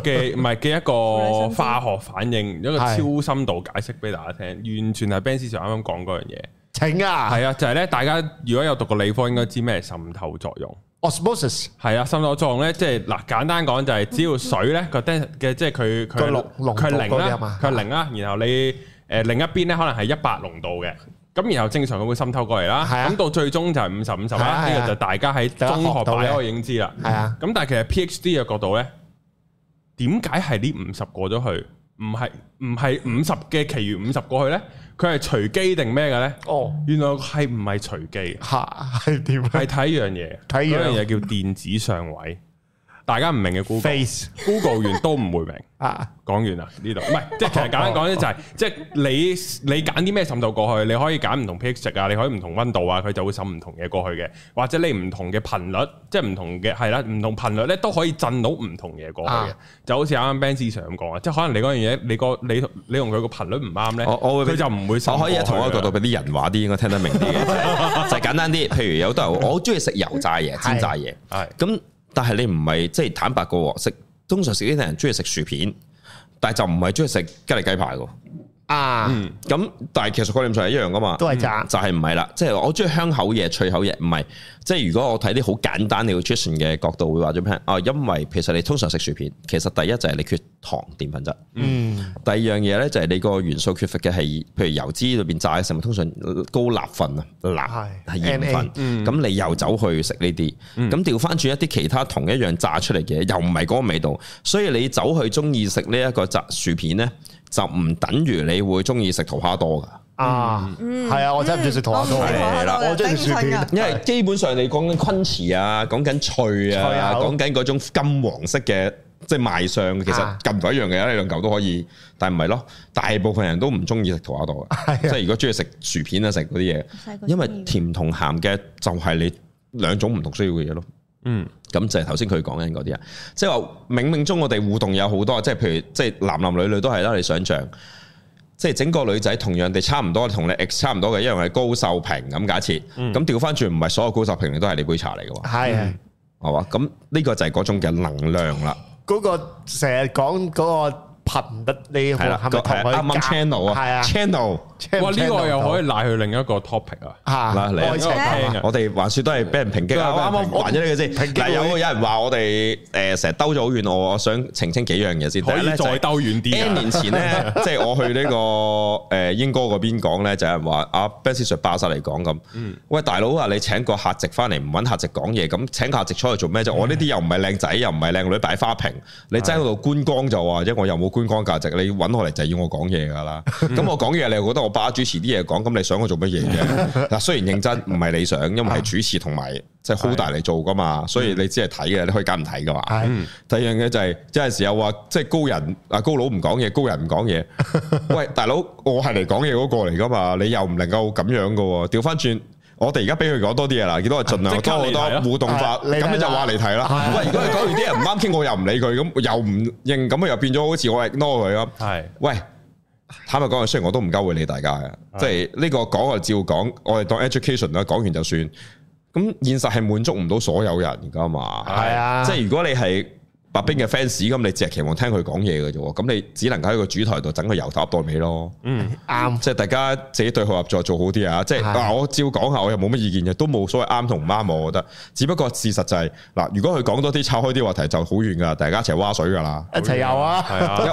嘅，唔係嘅一個化學反應， 一個超深度解釋俾大家聽，是完全係 Benz Sir 啱啱講嗰樣嘢。請啊，係啊，就係、是、咧，大家如果有讀過理科，應該知咩滲透作用。osmosis 係啊，滲透作用咧，即係嗱，簡單講就係，只要水咧個 den 嘅，即係佢佢佢零啦，佢零啦，然後你誒另一邊咧可能係一百濃度嘅，咁然後正常佢會滲透過嚟啦，咁到最終就係五十五十啦，呢個就大家喺中學擺，我已經知啦，係啊，咁但係其實 PhD 嘅角度咧，點解係呢五十過咗去，唔係唔係五十嘅其餘五十過去咧？佢係隨機定咩嘅咧？哦，oh。原來係唔係隨機吓，係點，啊？係睇樣嘢，啊，睇樣嘢叫電子上位。 大家唔明嘅 Google，face，Google 完都唔會明。啊，講完啦呢度，唔係即係其實簡單講咧就係，即係你你揀啲咩滲度過去，你可以揀唔同 pitch 啊，你可以唔同溫度啊，佢就會滲唔同嘢過去嘅，或者你唔同嘅頻率，即係唔同嘅係啦，唔同頻率咧都可以震到唔同嘢過去嘅，就好似啱啱 Benz Sir 講啊，即係可能你嗰樣嘢你個你你用佢個頻率唔啱咧，我會佢就唔會。我可以喺同一個角度俾啲人話啲，應該聽得明啲嘅，就係簡單啲。譬如有啲人我好中意食油炸嘢、煎炸嘢，係咁。但係你唔係即係坦白個喎，食通常食啲人鍾意食薯片，但係就唔係鍾意食吉列雞排個。啊，咁、嗯、但係其實概念上係一樣噶嘛，都係炸，嗯、就係唔係啦，即係我中意香口嘢、脆口嘢，唔係，即係如果我睇啲好簡單嘅 question 嘅角度會話咗咩？哦，因為其實你通常食薯片，其實第一就係你缺糖、澱粉質，嗯，第二樣嘢咧就係你個元素缺乏嘅係，譬如油脂裏邊炸嘅食物，通常高鈉分啊，鈉係鹽分，咁你又走去食呢啲，咁調翻轉一啲其他同一樣炸出嚟嘅，又唔係嗰個味道，所以你走去中意食呢一個炸薯片咧。就唔等於你會中意食桃花多噶啊？係、嗯、啊，我真係唔中意食桃花多嘅啦、嗯啊，我中意食薯片，因為基本上你講緊昆池啊，講緊脆啊，脆油講緊嗰種金黃色嘅，即係賣相，其實近唔一樣嘅，一兩嚿都可以，但唔係咯，大部分人都唔中意食桃花多嘅，即係、啊、如果中意食薯片啊食嗰啲嘢， 因為甜同鹹嘅就係你兩種唔同需要嘅嘢咯，嗯。咁就係頭先佢講緊嗰啲啊，即係話冥冥中我哋互動有好多，即係譬如即係男男女女都係啦，你想像，即係整個女仔同樣地差唔多，同你 X 差唔多嘅一樣係高秀平咁假設，咁調翻轉唔係所有高秀平都你都係你杯茶嚟嘅，係係嘛？咁呢、嗯、個就係嗰種嘅能量啦，嗰個成日講嗰個。拍唔得呢個個啱啱 channel 啊，channel 哇呢個又可以賴去另一個 topic 啊，嗱嚟我哋還算都係俾人抨擊啊，啱啱還咗你嘅先，嗱有有人話我哋誒成日兜咗好遠，我想澄清幾樣嘢先，第一咧兜遠啲，N 年前咧，即係我去呢個誒英國嗰邊講咧，就有人話阿 Benjamin Barrs 嚟講咁，喂大佬啊，你請個客席翻嚟唔揾客席講嘢，咁請客席出去做咩啫？我呢啲又唔係靚仔，又唔係靚女擺花瓶，你擠喺度觀光就話，因為我又冇觀光價值，你揾我嚟，就要我講嘢噶啦。咁我講嘢，你又覺得我霸主持啲嘢講，咁你想我做乜嘢啫？嗱，雖然認真唔係理想，因為係主持同埋即係 hold 大嚟做噶嘛，所以你只係睇嘅，你可以揀唔睇噶嘛。的第二樣嘢就係、是、即係有時又話即係高人阿高佬唔講嘢，高人唔講嘢。喂，大佬，我係嚟講嘢嗰個嚟噶嘛？你又唔能夠咁樣噶？調翻轉。我哋而家俾佢講多啲嘢啦，見到我儘量多好多互動法，咁、啊、你就話嚟睇啦。啊、喂，如果你講完啲人唔啱傾，我又唔理佢，咁又唔認，咁又變咗好似我 ignore 佢咁。係是，喂，坦白講，雖然我都唔交會理大家嘅，是即係呢、呢個講就照講，我哋當 education 啦，講完就算。咁現實係滿足唔到所有人噶嘛？係啊，即係如果你係，白兵嘅 fans 咁你只係期望聽佢講嘢嘅啫，咁你只能夠喺個主台度整個由頭到尾咯。嗯，啱，即係大家自己對號合作做好啲啊！的即係我照講下，我又冇乜意見嘅，都冇所謂啱同唔啱，我覺得。只不過事實就係、是、嗱，如果佢講多啲，炒開啲話題就好遠噶啦，大家一齊挖水噶啦，一齊有啊。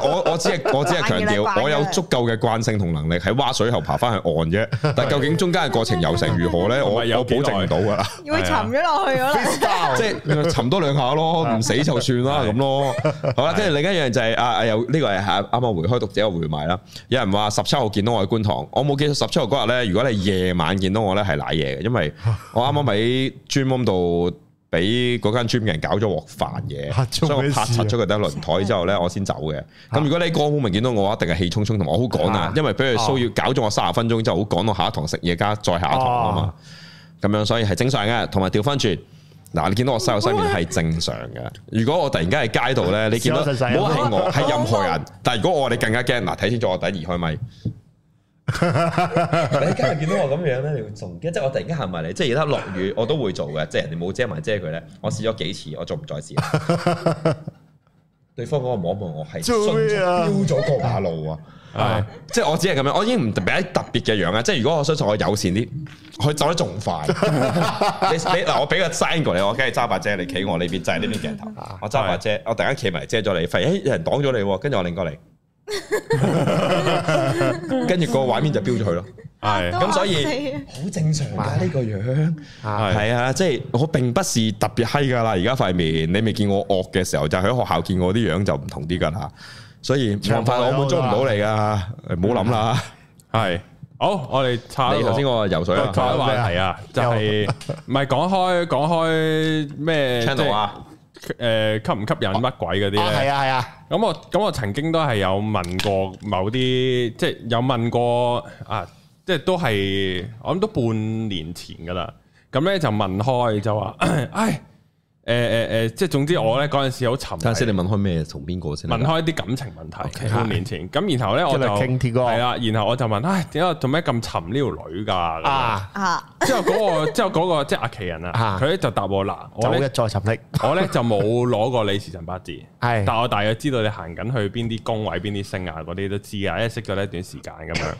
我我只係我只係強調，我有足夠嘅慣性同能力喺挖水後爬翻去岸啫。但究竟中間嘅過程有成如何咧？ 我是是有我保證唔到噶啦，會沉咗落去可的 即係沉多兩下咯，唔死就算啦。咁咯， 好啦，即係另一樣就係、是、啊，又呢個係啱啱回開讀者嘅回賣啦。有人話十七號見到我喺觀塘，我冇記得。十七號嗰日咧，如果你夜晚見到我咧，係賴嘢嘅，因為我啱啱喺 gym 度俾嗰間 gym 人搞咗鑊飯嘢，啊、所以我拍拆咗佢啲輪台之後咧，我先走嘅。咁、啊、如果你剛好唔見到我，一定係氣沖沖同埋我好趕啊，因為俾佢哋騷擾搞咗我卅分鐘之後好趕我下一堂食嘢加再下一堂啊嘛。咁樣所以係正常嘅，同埋調翻轉。嗱，你見到我西口西面係正常嘅。如果我突然間喺街度咧，你見到唔好係我係任何人。但係如果我你更加驚，嗱，睇清楚我第一移開咪。 你今日見到我咁樣咧，你會仲驚？即係我突然間行埋嚟，即係而家落雨，我都會做嘅。即係人哋冇遮埋遮佢咧，我試咗幾次，我仲唔再試。 對方嗰個網望我係迅咗過馬路啊！什 係，啊啊、即係我只係咁樣，我已經唔俾特別嘅樣啦。即係如果我相信我友善啲，佢走得仲快。 你嗱，我俾個 sign 過你，我梗係揸把遮嚟企我呢邊，就係呢邊鏡頭。我揸把遮，啊、我突然間企埋遮咗你，費誒有人擋咗你，跟住我擰過嚟，跟住個畫面就飆咗佢咯。係咁、 啊，所以好正常噶呢、這個樣。係啊，即係我並不是特別閪噶啦。而家塊面你未見我惡嘅時候，就喺、是、學校見我啲樣就唔同啲噶啦。所以長怕我滿足唔到你㗎，唔好諗啦。係，好，我哋插開頭先，個游水啊，開話題啊，就係唔係講開講開咩？聽到啊，誒吸唔吸引乜鬼嗰啲咧？係啊係啊。咁我咁我曾經都係有問過某啲，即係有問過啊，即係都係我諗都半年前㗎啦。咁咧就問開就話，哎～誒誒誒，即係總之我咧嗰陣時好沉。等先，你問開咩？從邊個先？問開啲感情問題。半年前，咁然後咧我就傾鐵哥。係啦，然後我就問，唉，點解做咩咁沉呢條女噶？啊之後嗰個之後嗰個即係阿奇人啊，佢咧就答我，嗱，走一再沉溺，我咧就冇攞過你時辰八字，係，但我大約知道你行緊去邊啲工位、邊啲生涯嗰啲都知噶，因為識咗呢一段時間咁樣。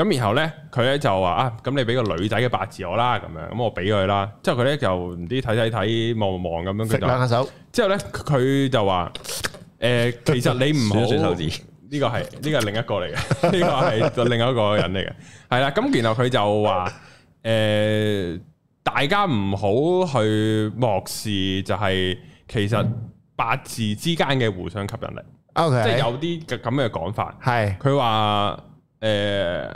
咁然後咧，佢咧就話：啊，咁你俾個女仔嘅八字我啦，咁樣，咁我俾佢啦。之後佢咧就唔知睇睇睇，望望望咁樣。食兩下手。之後咧，佢就話：誒，其實你唔好。轉手指。呢、這個係呢個係另一個嚟嘅，呢、這個係另一個人嚟嘅。係啦，咁然後佢就話：誒、 呃，大家唔好去漠視，就係其實八字之間嘅互相吸引力。O K。即係有啲咁嘅講法。係。 佢話。誒、呃，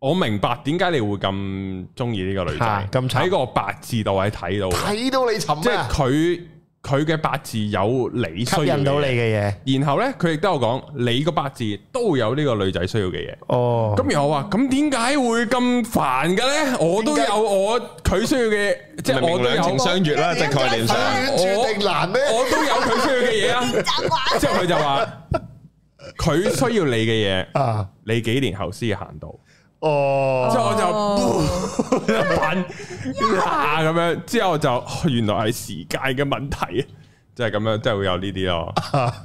我明白點解你會咁中意呢個女仔，咁睇個八字都係睇到，睇到你沉、啊，即係佢佢嘅八字有你需要吸引到你嘅嘢。然後咧，佢亦都有講，你個八字都有呢個女仔需要嘅嘢。哦，咁然後我話，咁點解會咁煩嘅咧？我都有我佢需要嘅，即係我兩情相悦啦，即係概念上。難我我都有佢需要嘅嘢啊，即係佢就話。 佢需要你嘅嘢，啊！你幾年後先行到，哦！之後我就咁樣，之後就原來係時間嘅問題，即係咁樣，即係會有呢啲咯，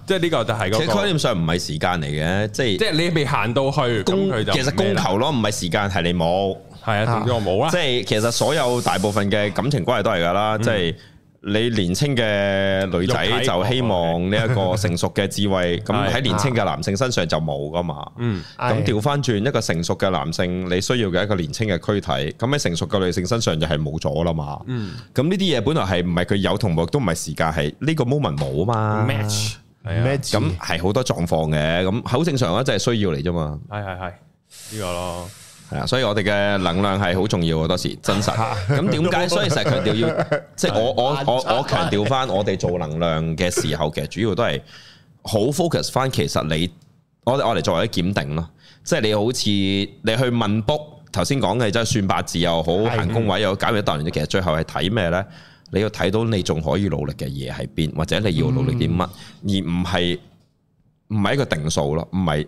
即係呢個就係咁。其實概念上唔係時間嚟嘅，即係即係你未行到去，公其實供求咯，唔係時間係你冇，係啊，總之我冇啦。即係其實所有大部分嘅感情關係都係噶啦，即係。你年青嘅女仔就希望呢一個成熟嘅智慧，咁喺 年青嘅男性身上就冇噶嘛。嗯，咁調翻轉一個成熟嘅男性，你需要嘅一個年青嘅軀體，咁喺成熟嘅女性身上就係冇咗啦嘛。嗯，咁呢啲嘢本來係唔係佢有，同埋都唔係時間係呢個 moment 冇啊嘛。match，咁係好多狀況嘅，咁好正常啊，啊就係、是、需要嚟啫嘛。係係係，呢個咯。係啊，所以我哋嘅能量係好重要好多時，真實。咁點解？所以成日強調要， 即係我我我我強調翻，我哋做能量嘅時候其實主要都係好 focus 翻。其實你我我哋作為一檢定咯，即係你好似你去問卜，頭先講嘅即係算八字又好，的行宮位又搞完一段，其實最後係睇咩咧？你要睇到你仲可以努力嘅嘢喺邊，或者你要努力啲乜，嗯、而唔係唔係一個定數咯，唔係。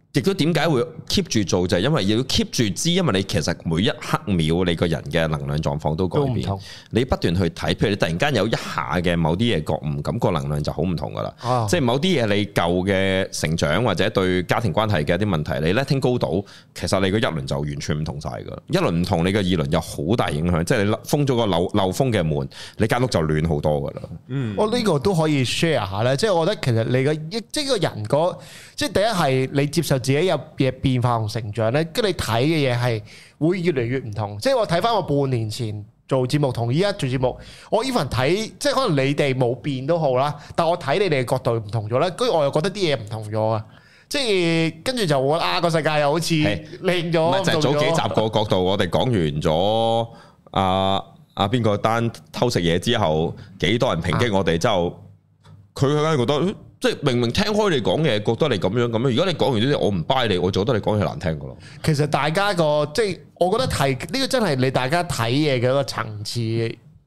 亦都點解會 keep 住做就係因為要 keep 住知，因為你其實每一刻秒你個人嘅能量狀況都改變，不你不斷去睇，譬如你突然間有一下嘅某啲嘢覺悟，咁個能量就好唔同噶啦。哦，即係某啲嘢你舊嘅成長或者對家庭關係嘅一啲問題，你 letting go 到，其實你個一輪就完全唔同晒噶啦，一輪唔同你嘅二輪有好大影響，即係你封咗個漏漏風嘅門，你間屋就暖好多噶啦。嗯，我呢個都可以 share 下咧，即係我覺得其實你嘅即係個人嗰即係第一係你接受。自己有嘅變化同成長咧，跟住你睇嘅嘢係會越嚟越唔同。即係我睇翻我半年前做節目同依家做節目，我依份睇即係可能你哋冇變都好啦，但我睇你哋嘅角度唔同咗咧，跟住我又覺得啲嘢唔同咗啊！即係跟住就我啊個世界又好似靚咗，咪就係早幾集個角度， 我哋講完咗阿阿邊個單偷食嘢之後，幾多人抨擊我哋，之後佢佢覺得。即係明明聽開你講嘢，覺得你咁樣咁樣。如果你講完啲嘢，我唔 buy 你，我就覺得你講嘢難聽噶咯。其實大家個即係，我覺得睇呢個真係你大家睇嘢嘅一個層次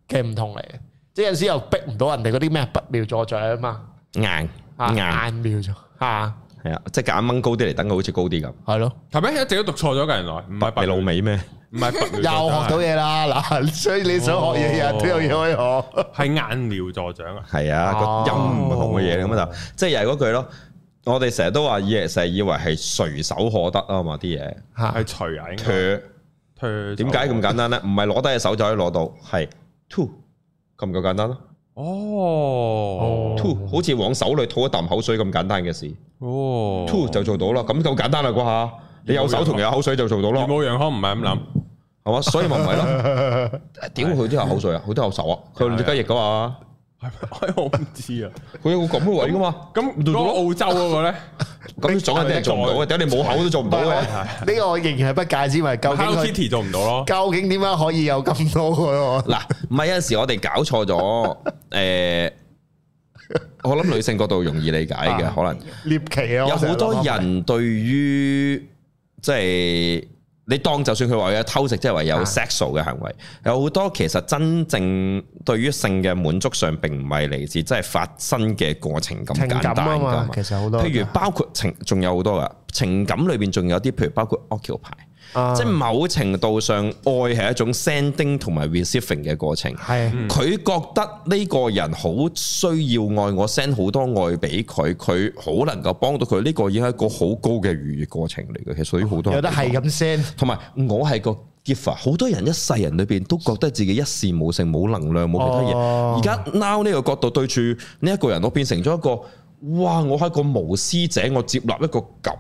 嘅唔同嚟嘅。即係有陣時又逼唔到人哋嗰啲咩拔苗助長啊嘛，硬啊硬妙作啊。係啊，即係夾掹高啲嚟等佢好似高啲咁。係咯的，頭咪一直都讀錯咗嘅原來，唔係白露尾咩？唔係， 又學到嘢啦。嗱， 所以你想學嘢，啊、日、哦、都有嘢可以學。係眼苗助長啊！係啊，個音唔同嘅嘢咁就，即係又係嗰句咯。我哋成日都話以成日以為係隨手可得啊嘛，啲嘢吓係隨啊，佢，脫。點解咁簡單咧？唔係攞低隻手就可以攞到，係 two 咁簡單咯。哦吐好似往手裏吐一啖口，口水咁簡單嘅事，哦吐就做到啦，咁咁簡單啦下，有你有手同有口水就做到咯。冇人可唔係咁諗，係嘛？嗯、 所以咪唔係咯。屌佢 都有口水啊，佢 都有手啊，佢有隻雞翼噶嘛、啊。我唔知啊，佢有咁嘅位㗎嘛？咁如果澳洲嗰個咧，咁總有人做到嘅，點解你冇口都做唔到咧？呢個仍然係不解之謎。究竟，City 做唔到咯？究竟點解可以有咁多嘅？嗱，唔係有陣時我哋搞錯咗。誒，我諗女性角度容易理解嘅，可能獵奇啊，有好多人對於即係。你當就算佢話有偷食，即係話有 sexual 嘅行為，啊、有好多其實真正對於性嘅滿足上並唔係嚟自，即係發生嘅過程咁簡單㗎嘛。其實好多，譬如包括情，仲有好多噶，啊、情感裏邊仲有啲，譬如包括 occupy。即係某程度上，愛係一種 sending 同埋 receiving 嘅過程。係，佢、嗯、覺得呢個人好需要愛我，我 send 好多愛俾佢，佢好能夠幫到佢。呢、呢個已經係個好高嘅愉悅過程嚟嘅。其實，所以好多人有得係咁 send。同埋我係個 giver。好多人一世人裏邊都覺得自己一事無成、冇能量、冇其他嘢。而家 now 呢個角度對住呢一個人，我變成咗一個。哇！我係個無私者，我接納一個咁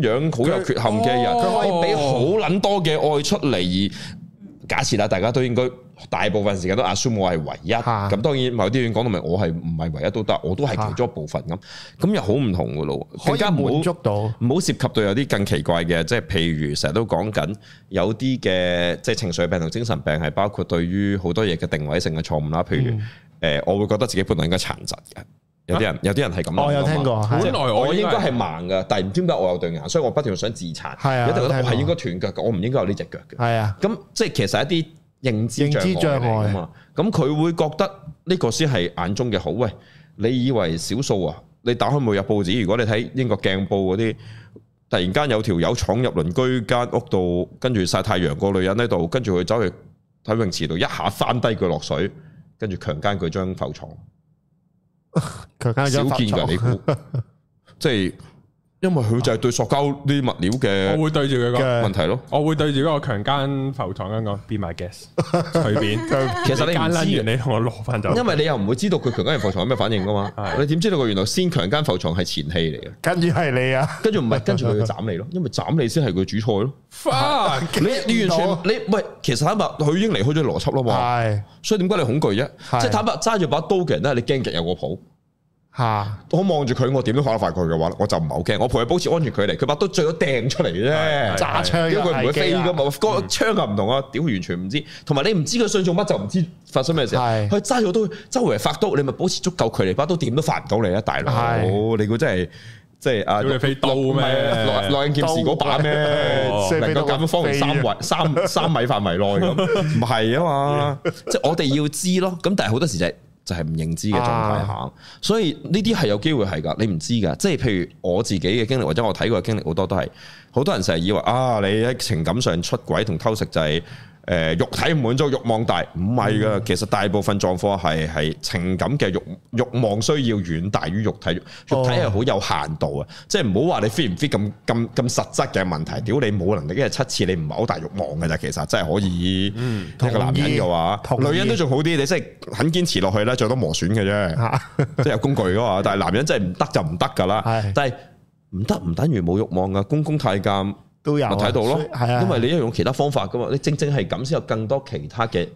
樣好有缺陷嘅人，佢、哦、可以俾好撚多嘅愛出嚟。假設啦，大家都應該大部分時間都 assume 我係唯一，咁哈當然某啲亂講都咪，我係唔係唯一都得，我都係其中一部分咁，咁哈又好唔同噶咯，更加滿足到，唔好涉及到有啲更奇怪嘅，即係譬如成日都講緊有啲嘅即係情緒病同精神病，係包括對於好多嘢嘅定位性嘅錯誤啦。譬如誒，嗯、我會覺得自己本來應該殘疾嘅。有啲人有啲人係咁，我有聽過，本來我應該係盲嘅，但係唔知點解我有對眼，所以我不斷想自殘，一直覺得我係應該斷腳，我唔應該有呢隻腳嘅。係啊，咁即係其實一啲認知障礙啊嘛。咁佢會覺得呢個先係眼中嘅好。喂，你以為少數啊？你打開每日報紙，如果你睇英國鏡報嗰啲，突然間有條友闖入鄰居間屋度，跟住晒太陽個女人喺度，跟住佢走去睇泳池度，一下翻低佢落水，跟住強姦佢張浮牀。少 見噶，你估即係。因為佢就係對塑膠啲物料嘅，我會對住佢講問題咯。我會對住嗰個強奸浮床咁講，Be my guest，隨便。其實你唔知？你同我攞翻走，因為你又唔會知道佢強奸浮床有咩反應噶嘛。你點知道佢原來先強奸浮床係前戲嚟嘅？跟住係你啊？跟住唔係跟住佢斬你咯？因為斬你先係佢主菜咯。你完全你喂，其實坦白佢已經離開咗邏輯啦嘛。係，所以點解你恐懼啫？即係坦白揸住把刀嘅人都係，你驚極有個譜。嚇！我望住佢，我點都可能發佢嘅話，我就唔係好驚。我陪佢保持安全距離，佢把刀最好掟出嚟啫，揸槍因為佢唔會飛㗎嘛，個槍又唔同啊！屌，完全唔知。同埋你唔知佢想做乜，就唔知發生咩事。佢揸咗刀，周圍發刀，你咪保持足夠距離，把刀點都發唔到你啊！大佬，你估真係即係啊？要你飛刀咩？諾諾恩劍士嗰把咩？能夠咁方便三米、三三米範圍內咁，唔係啊嘛？即係我哋要知咯。咁但係好多時就係。就係唔認知嘅狀態下，啊、所以呢啲係有機會係㗎，你唔知㗎。即係譬如我自己嘅經歷，或者我睇過嘅經歷好多都係，好多人成日以為啊，你喺情感上出軌同偷食就係、是。誒、呃，肉體唔滿足，欲望大，唔係噶。嗯、其實大部分狀況係係情感嘅欲慾望需要遠大於肉體，肉體係好有限度啊。哦、即係唔好話你 fit 唔 fit 咁咁咁實質嘅問題。屌你冇能力一日七次你，你唔係好大欲望嘅咋。其實真係可以。嗯，同個男人嘅話，意女人都仲好啲，你即係肯堅持落去咧，最多磨損嘅啫。即係、啊嗯、有工具噶嘛，但係男人真係唔得就唔得噶啦。但係唔得唔等於冇欲望噶，公，公公太監。都有睇到咯，係啊以，因為你用其他方法噶嘛，你是正正係咁先有更多其他嘅，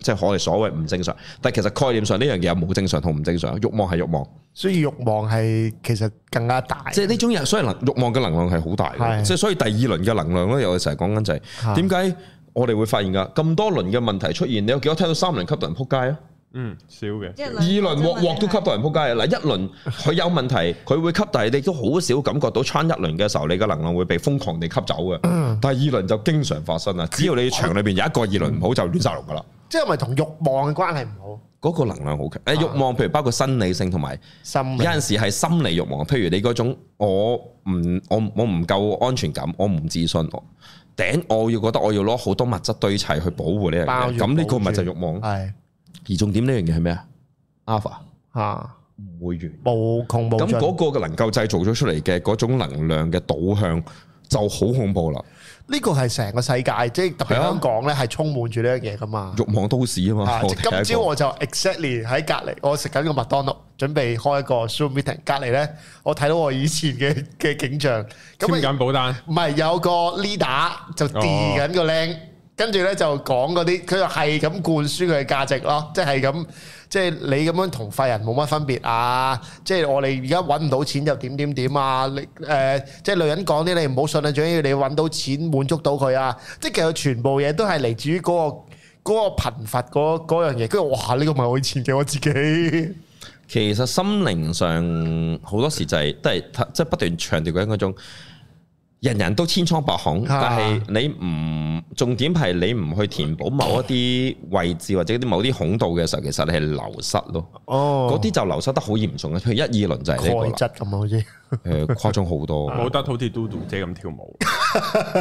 即係我哋所謂唔正常。但係其實概念上呢樣嘢係冇正常同唔正常？欲望係欲望，所以欲望係其實更加大。即係呢種人，所以能欲望嘅能量係好大。即係的所以第二輪嘅能量咧，又成日講緊就係點解我哋會發現噶咁多輪嘅問題出現？你有幾多聽到三輪級的人仆街啊？嗯，少嘅二輪鑊鑊都吸到人仆街嗱，一輪佢有問題，佢會吸，但係你都好少感覺到穿一輪嘅時候，你嘅能量會被瘋狂地吸走嘅。但係二輪就經常發生啦。只要你場裏邊有一個二輪唔好，嗯、就亂晒龍噶啦。即係咪同欲望嘅關係唔好？嗰個能量好強誒！欲、啊、望，譬如包括生理性同埋，心有陣時係心理欲望。譬如你嗰種我唔我我唔夠安全感，我唔自信，頂我要覺得我要攞好多物質堆砌去保護呢樣嘢。咁呢個咪就欲望咯。而重點呢樣嘢係咩啊？Alpha 啊，唔會完，無窮無盡，咁嗰個嘅能夠製造咗出嚟嘅嗰種能量嘅導向就好恐怖啦！呢個係成個世界，即係特別香港咧，係充滿住呢樣嘢噶嘛。啊、欲望都市啊嘛！啊今朝我就 exactly 喺隔離，我食緊個麥當勞，準備開一個 zoom meeting。隔離咧，我睇到我以前嘅嘅景象，簽緊保單，唔係有個 leader 就 D 緊個 l 跟住呢，就講嗰啲，佢就係咁灌輸佢嘅價值咯，即係咁，即係你咁樣同廢人冇乜分別啊！即係我哋而家揾唔到錢就點點點啊！你、呃、誒，即係女人講啲你唔好信啊，最緊要你揾到錢滿足到佢啊！即係其實全部嘢都係嚟自於嗰個嗰個貧乏嗰嗰樣嘢。跟住哇，呢個咪係我以前嘅我自己。其實心靈上好多時就係都係即係不斷強調緊嗰種。人人都千瘡百孔，但係你唔重點係你唔去填補某一啲位置或者啲某啲孔道嘅時候，其實你係流失咯。哦，嗰啲就流失得好嚴重嘅，譬如一二輪就係鈣質咁嘅啫。誒，誇張好多，冇得好似嘟嘟姐咁跳舞，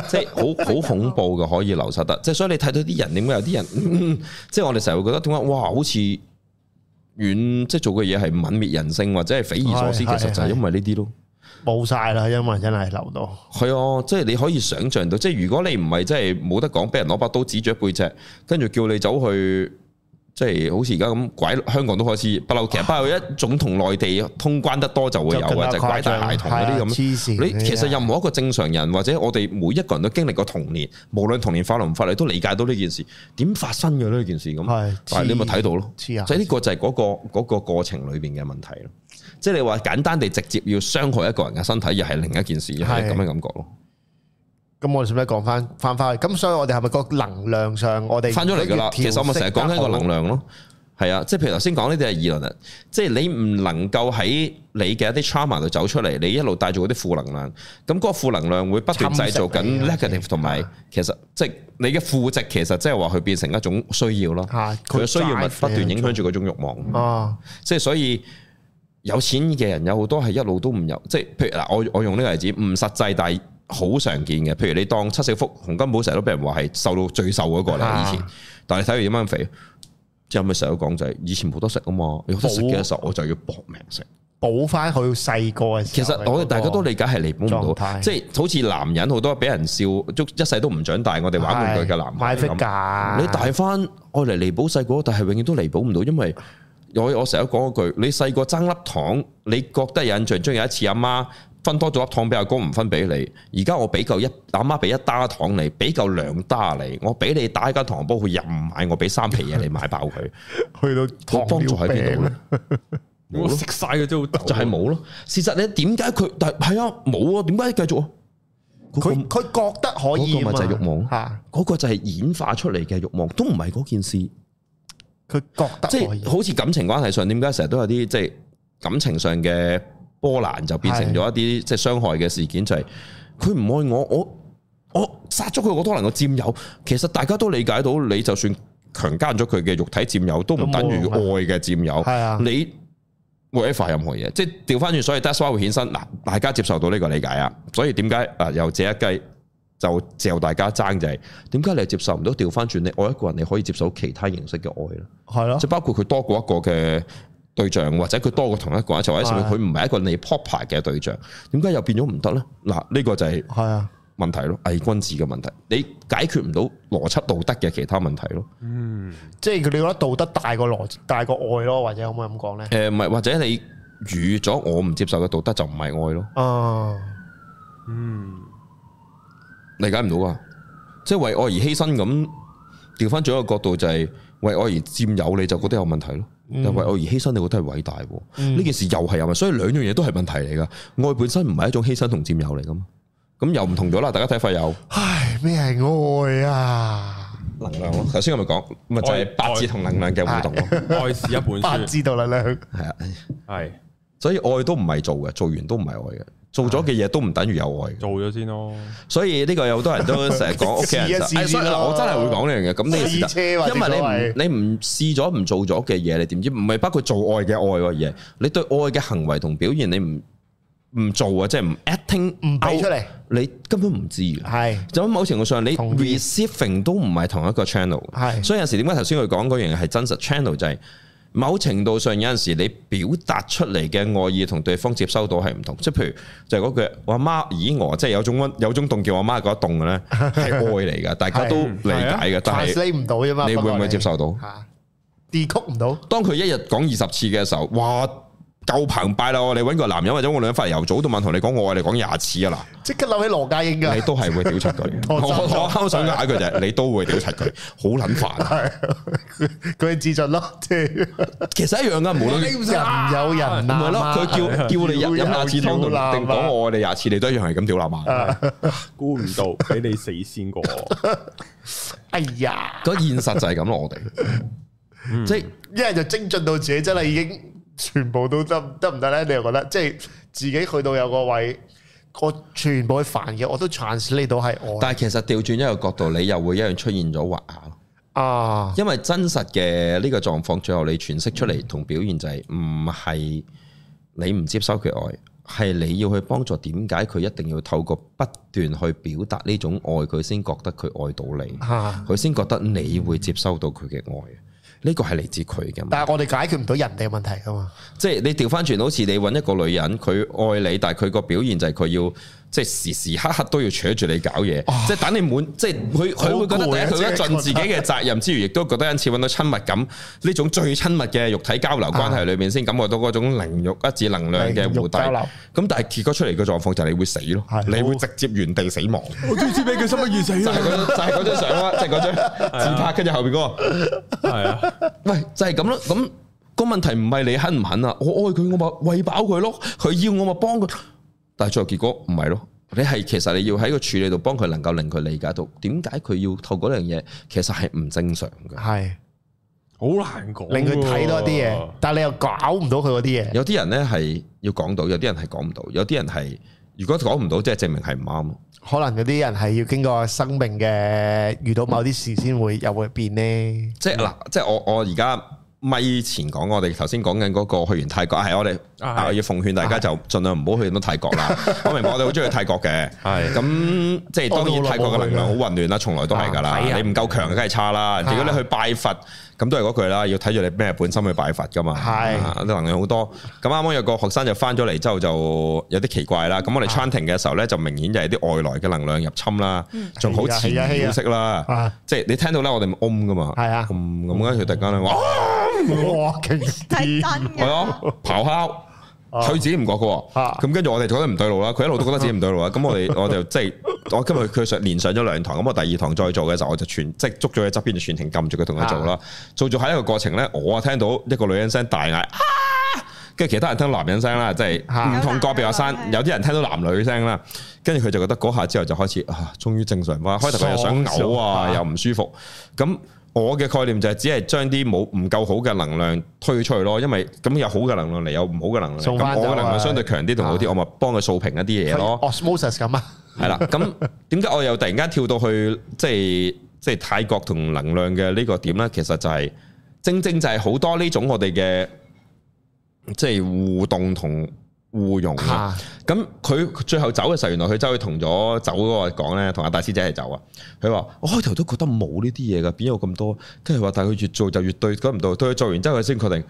即係好好恐怖嘅可以流失得。即係所以你睇到啲人點解有啲人，即係我哋成日會覺得點解哇，好似遠即係做嘅嘢係泯滅人性或者係匪夷所思，其實就係因為呢啲咯。報晒啦，因為真係留到係哦，即係、啊就是、你可以想象到，即係如果你唔係，即係冇得講，俾人攞把刀指住一背脊，跟住叫你走去，即係好似而家咁拐香港都開始不嬲，其實包括一種同內地通關得多就會有啊，就，就拐大孩童嗰啲咁。啊、你其實任何一個正常人或者我哋每一個人都經歷過童年，無論童年法唔法例都理解到呢件事點發生嘅呢件事咁，啊、你咪睇到咯。即係呢個就係嗰、那個嗰、那個過程裏邊嘅問題咯。即係你話簡單地直接要傷害一個人嘅身體，又係另一件事，係咁嘅感覺咯。咁、嗯、我哋使唔使講翻翻翻，咁所以我哋係咪個能量上，我哋翻咗嚟噶啦？其實我咪成日講緊個能量咯。係啊的，即係譬如頭先講呢啲係議論啊，即、就、係、是、你唔能夠喺你嘅一啲 trauma 度走出嚟，你一路帶住嗰啲負能量，咁嗰個負能量會不斷製造緊 negative 同埋，其實即係、就是、你嘅負值，其實即係話佢變成一種需要咯。佢嘅、啊、它 需要不斷影響住嗰種慾望啊，即係、啊、所以。啊有錢嘅人有好多係一路都唔有，即係譬如嗱，我我用呢個例子唔實際，但係好常見嘅。譬如你當七四福洪金寶成日都俾人話係瘦到最瘦嗰個啦，啊、以前。但係睇佢點樣肥，即係咪成日都講就係以前冇得食啊嘛，有得食嘅時候我就要搏命食，補翻佢細個。其實我哋大家都理解係彌補唔到，即係好似男人好多俾人笑，一都一世都唔長大。我哋玩玩具嘅男，快唉你大翻，我嚟彌補細個，但係永遠都彌補唔到，因為。我我成日講嗰句，你細個爭粒糖，你覺得印象中有一次阿媽分多咗粒糖俾阿哥，哥，唔分俾你。而家我俾夠一阿媽俾一打糖你，俾夠兩打你，我俾你打一間糖煲，佢又唔買，我俾三皮嘢你買爆佢，去到糖尿病咧，我食晒嘅啫， 就係冇咯。事實你點解佢？但係啊，冇啊，點解繼續啊？佢、那、佢、個、覺得可以啊嘛，咪就係欲望吓，嗰的個就係演化出嚟嘅欲望，都唔係嗰件事。佢覺得即係好似感情關係上，點解成日都有啲即係感情上嘅波瀾，就變成咗一啲即係傷害嘅事件，就係佢唔愛我，我我殺咗佢，我都能夠佔有。其實大家都理解到，你就算強姦咗佢嘅肉體佔有，都唔等於愛嘅佔有。係啊，你冇引發任何嘢。即係調翻轉，所以 that’s why 會衍生。嗱，大家接受到呢個理解啊。所以點解嗱，由這一雞。就由大家爭就係、是，點解你接受唔到？調翻轉你愛一個人，你可以接受其他形式嘅愛咯，係咯的，即係包括佢多過一個嘅對象，或者佢多過同一個，就或者佢唔係一個你 proper 嘅對象，點解又變咗唔得咧？嗱、啊，呢、這個就係係啊問題咯，偽的君子嘅問題，你解決唔到邏輯道德嘅其他問題咯。嗯，即係佢你覺得道德大過邏大過愛咯，或者可唔可以咁講咧？誒，唔係，或者你預咗我唔接受嘅道德就唔係愛咯。啊，嗯。理解唔到啊！即係為愛而犧牲咁，調翻咗一個角度就係、是、為愛而佔有，你就覺得有問題咯。嗯、但係為愛而犧牲，你覺得係偉大？呢、嗯、件事又係有問題，所以兩樣嘢都係問題嚟噶。愛本身唔係一種犧牲同佔有嚟噶，咁又唔同咗啦。大家睇法有：唉，咩係愛啊？能量咯，頭先我咪講咪就係、是、八字同能量嘅互動咯。愛是一本書，八字同能量係啊，係，所以愛都唔係做嘅，做完都唔係愛嘅。做咗嘅嘢都唔等於有愛，做咗先咯。所以呢個有好多人都成日講，屋企人我真係會講呢樣嘢。咁其實因為你你唔試咗唔做咗嘅嘢，你點知？唔係包括做愛嘅愛嘢，你對愛嘅行為同表現你唔唔做啊，即係唔 acting 唔俾出嚟，你根本唔知。係，就喺某程度上你 receiving 都唔係同一個 channel。係，所以有時點解頭先佢講嗰樣嘢係真實 channel 就係。某程度上，有陣時你表達出嚟嘅愛意同對方接收到係唔同，即係譬如就係嗰句我媽以我，即係有種溫有種動叫我媽嗰一動嘅咧，係愛嚟㗎，大家都理解嘅， 但係理唔到啫嘛，你會唔會接受到？跌曲唔到，當佢一日講二十次嘅時候，哇！夠澎湃啦！你揾個男人或者我女人翻嚟，由早到晚同你講我愛你，講廿次啊！嗱，即刻諗起羅家英噶，你都係會屌柒佢。我我我想講一句就係，你都會屌柒佢，好捻煩。係佢自盡咯。即其實一樣噶，無論人有人唔係咯，佢叫叫你飲飲廿次湯都難嘛。我愛你廿次你都一樣係咁屌爛嘛！估唔到俾你死先過。哎呀，個現實就係咁咯，我哋即係一係就精進到自己，真係已經。全部都得，得唔得呢？你又覺得即係自己去到有個位，我全部去煩嘅，我都 translate 到係愛。但係其實調轉一個角度，你、嗯、又會一樣出現咗滑下。咯。啊，因為真實嘅呢個狀況，最後你詮釋出嚟同表現就係唔係你唔接收佢愛，係你要去幫助。點解佢一定要透過不斷去表達呢種愛，佢先覺得佢愛到你，佢先、啊、覺得你會接收到佢嘅愛。嗯嗯呢個係嚟自佢嘅，但係我哋解決唔到人哋嘅問題㗎嘛。即係你調返轉，好似你揾一個女人，佢愛你，但係佢個表現就係佢要。即係時時刻刻都要扯住你搞嘢，即係等你滿，即係佢佢會覺得佢喺盡自己嘅責任之餘，亦都覺得因此搵到親密感。呢種最親密嘅肉體交流關係裏面，先感覺到嗰種靈肉一致能量嘅互動。咁但係結果出嚟嘅狀況就係你會死咯，你會直接原地死亡。我最憎俾佢心碎而死就係嗰就張相啦，即係嗰張自拍，跟住後邊嗰個係啊。喂，就係咁咯。咁個問題唔係你肯唔肯啊？我愛佢，我咪餵飽佢咯。佢要我咪幫佢。但係最後結果唔係咯，你係其實你要喺個處理度幫佢能夠令佢理解到點解佢要透過呢樣嘢，其實係唔正常嘅，係好是難講。令佢睇多啲嘢，但係你又搞唔到佢嗰啲嘢。有啲人咧係要講到，有啲人係講唔到，有啲人係如果講唔到，即係證明係唔啱。可能有啲人係要經過生命嘅遇到某啲事先會又會變呢。嗯、即係嗱，即係我我而家。咪以前講我哋頭先講緊嗰個去完泰國，係，我哋啊，要奉勸大家就盡量唔好去到泰國啦。是的 我明白我哋好中意去泰國嘅，係咁 是的 即係當然泰國嘅能量好混亂啦，從來都係噶啦。啊、你唔夠強，梗係差啦。如果你去拜佛。咁都係嗰句啦，要睇住你咩本身去拜佛㗎嘛，的能量好多。咁啱啱有個學生就返咗嚟之後，就有啲奇怪啦。咁、啊、我哋餐廳嘅時候咧，就明顯就係啲外來嘅能量入侵啦，仲好潛意識啦，即係你聽到咧，我哋嗡㗎嘛，咁跟住突然間咧、啊，哇，哇，奇異 的，係咯、 哎，咆哮。佢自己唔覺嘅喎，咁跟住我哋覺得唔對路啦。佢一路都覺得自己唔對路啦。咁 我哋我就即係我今日佢上連上咗兩堂，咁我第二堂再做嘅時候，我就全即係捉咗佢側邊就全程撳住佢同佢做啦。的做做喺一個過程咧，我聽到一個女人聲大嗌，跟住 其他人聽到男人聲啦，即係唔同個別阿聲。 有啲人聽到男女聲啦，跟住佢就覺得嗰下之後就開始啊，終於正常啦。開頭佢又想嘔啊， 又唔舒服咁。我嘅概念就係只係將啲冇唔夠好嘅能量推出去咯，因為咁有好嘅能量嚟，有唔好嘅能量，咁我嘅能量相對強啲同好啲，的我咪幫佢掃平一啲嘢咯。哦 osmosis 咁啊，係啦，咁點解我又突然間跳到去即係即係泰國同能量嘅呢個點咧？其實就係、是、正正就係好多呢種我哋嘅即係互動同。互用嘅，咁佢、啊、最後走嘅時候，原來佢真係同咗走嗰個講咧，同阿大師姐係走啊。佢話：我開頭都覺得冇呢啲嘢嘅，邊有咁多？跟住話，但係佢越做就越對，覺唔到。到佢做完之後，佢先決定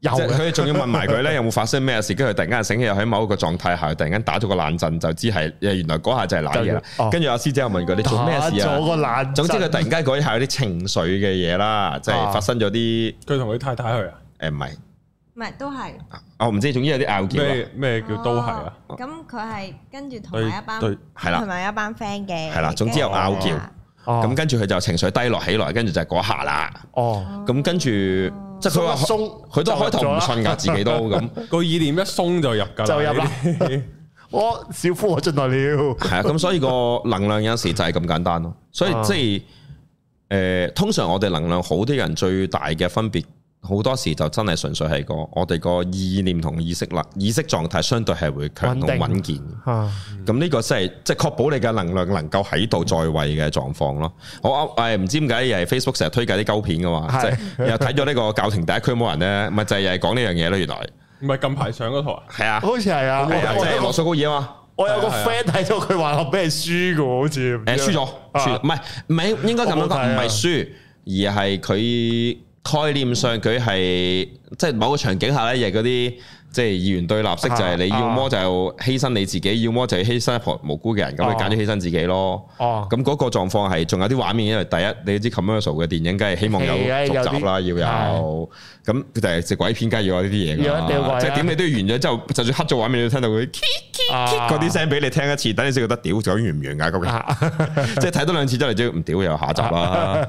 又佢仲要問埋佢咧，有冇發生咩事？跟住 突然間醒起，又喺某一個狀態下，突然間打咗個冷震，就知係原來嗰下就係冷嘢啦。跟住阿師姐又問佢：你做咩事啊？打個冷震。總之佢突然間嗰一下有啲情緒嘅嘢啦，即係發生咗啲。佢同佢太太去啊？誒，唔係。哎呃都係，我唔知，總之有啲拗撬咩叫都係啊！咁佢係跟住同埋一班，係啦，同埋一班 friend 嘅，係啦，總之有拗撬，咁跟住佢就情緒低落起來，跟住就嗰下啦。哦，咁跟住即係佢話鬆，佢都開頭唔信噶，自己都咁個意念一鬆就入噶就入啦。我小夫我進來了，係啊，咁所以個能量有時就係咁簡單咯。所以即係誒，通常我哋能量好啲人最大嘅分別。好多時就真係純粹係個我哋個意念同意識啦意識狀態相對係會強同穩健嘅。咁呢個即係即係確保你嘅能量能夠喺度在位嘅狀況咯。我誒唔知點解又係 Facebook 成日推介啲溝片噶嘛，又睇咗呢個教廷第一區冇人咧，咪就係又係講呢樣嘢咯。原來唔係近排上嗰台係啊，好似係啊，我睇落數高二啊嘛。我有個 friend 睇咗佢話我俾人輸噶，好似誒輸咗，輸唔係唔係應該咁樣講，唔係輸而係佢。概念上佢係即係某個場景下咧，亦係嗰啲即係二元對立式，就係你要麼就犧牲你自己，要麼就犧牲一個無辜嘅人。咁你揀咗犧牲自己咯。哦，咁嗰個狀況係仲有啲畫面。因為第一，你知 commercial 嘅電影梗係希望有續集啦，要有咁。但係只鬼片梗係要有呢啲嘢噶。即係點你都要完咗之後，就算黑咗畫面你都聽到佢嗰啲聲俾你聽一次，等你先覺得屌，講完唔完噶？咁即係睇多兩次真係知唔屌有下集啦。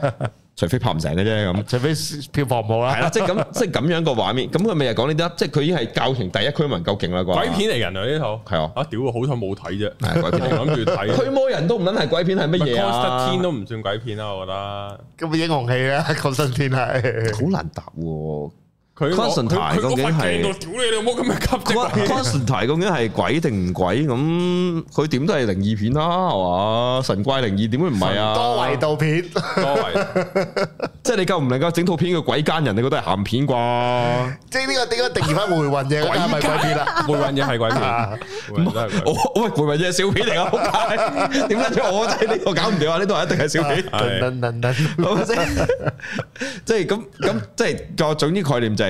除非拍唔成嘅啫，咁除非票房唔好啦。係啦，即係咁，即係咁樣個畫面，咁佢咪又講呢啲啦。即係佢已經係教廷第一區民，夠勁啦。鬼片嚟人啊呢套，係啊。啊屌！好彩冇睇啫，仲諗住睇。驅魔人都唔諗係鬼片，係乜嘢啊？《Constantine》都唔算鬼片啊。我覺得。咁英雄戲啦，《Constantine》係。好難答喎。佢嘅神台究竟係，佢嘅神台究竟係鬼定唔鬼？咁佢點都係靈異片啦，係嘛？神怪靈異點會唔係啊？多維度片，多維，即係你夠唔能夠整套片嘅鬼奸人？你覺得係鹹片啩？即係呢個點解定義翻回魂夜？鬼片啊，回魂夜係鬼片。唔係回魂夜係笑片嚟噶，點解我真係呢個搞唔掂啊？呢度一定係笑片。即係咁咁，即係個總之概念就係。即係咁勁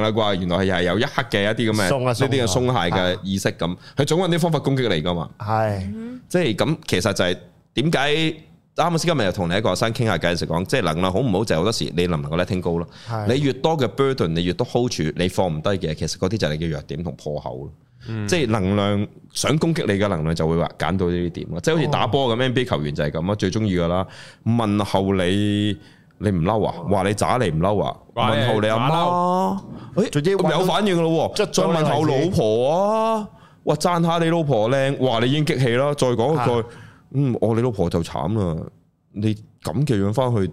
啦？啩，原來係係有一刻嘅，一啲咁嘅呢啲嘅鬆懈嘅意識咁，佢總有啲方法攻擊你噶嘛？係的，即係咁其實就係點解啱啱先今日又同你一個學生傾下偈時講，即係能量好唔好就係好多時你能唔能夠 letting go 咯？你越多嘅 burden，你越多 hold 住，你放唔低嘅，其實嗰啲就係你嘅弱點同破口咯。的嗯、即係能量想攻擊你嘅能量就會話揀到呢啲點，即係好似打波咁、哦、NBA 球員就係咁啊，最中意噶啦問候你。你唔嬲啊？話你渣，你唔嬲啊？問候你阿媽，誒，直接有反應咯，即係再問候老婆啊！哇，讚下你老婆靚，話你已經激氣啦，再講一句，的嗯，我你老婆就慘啦，你咁嘅樣返去。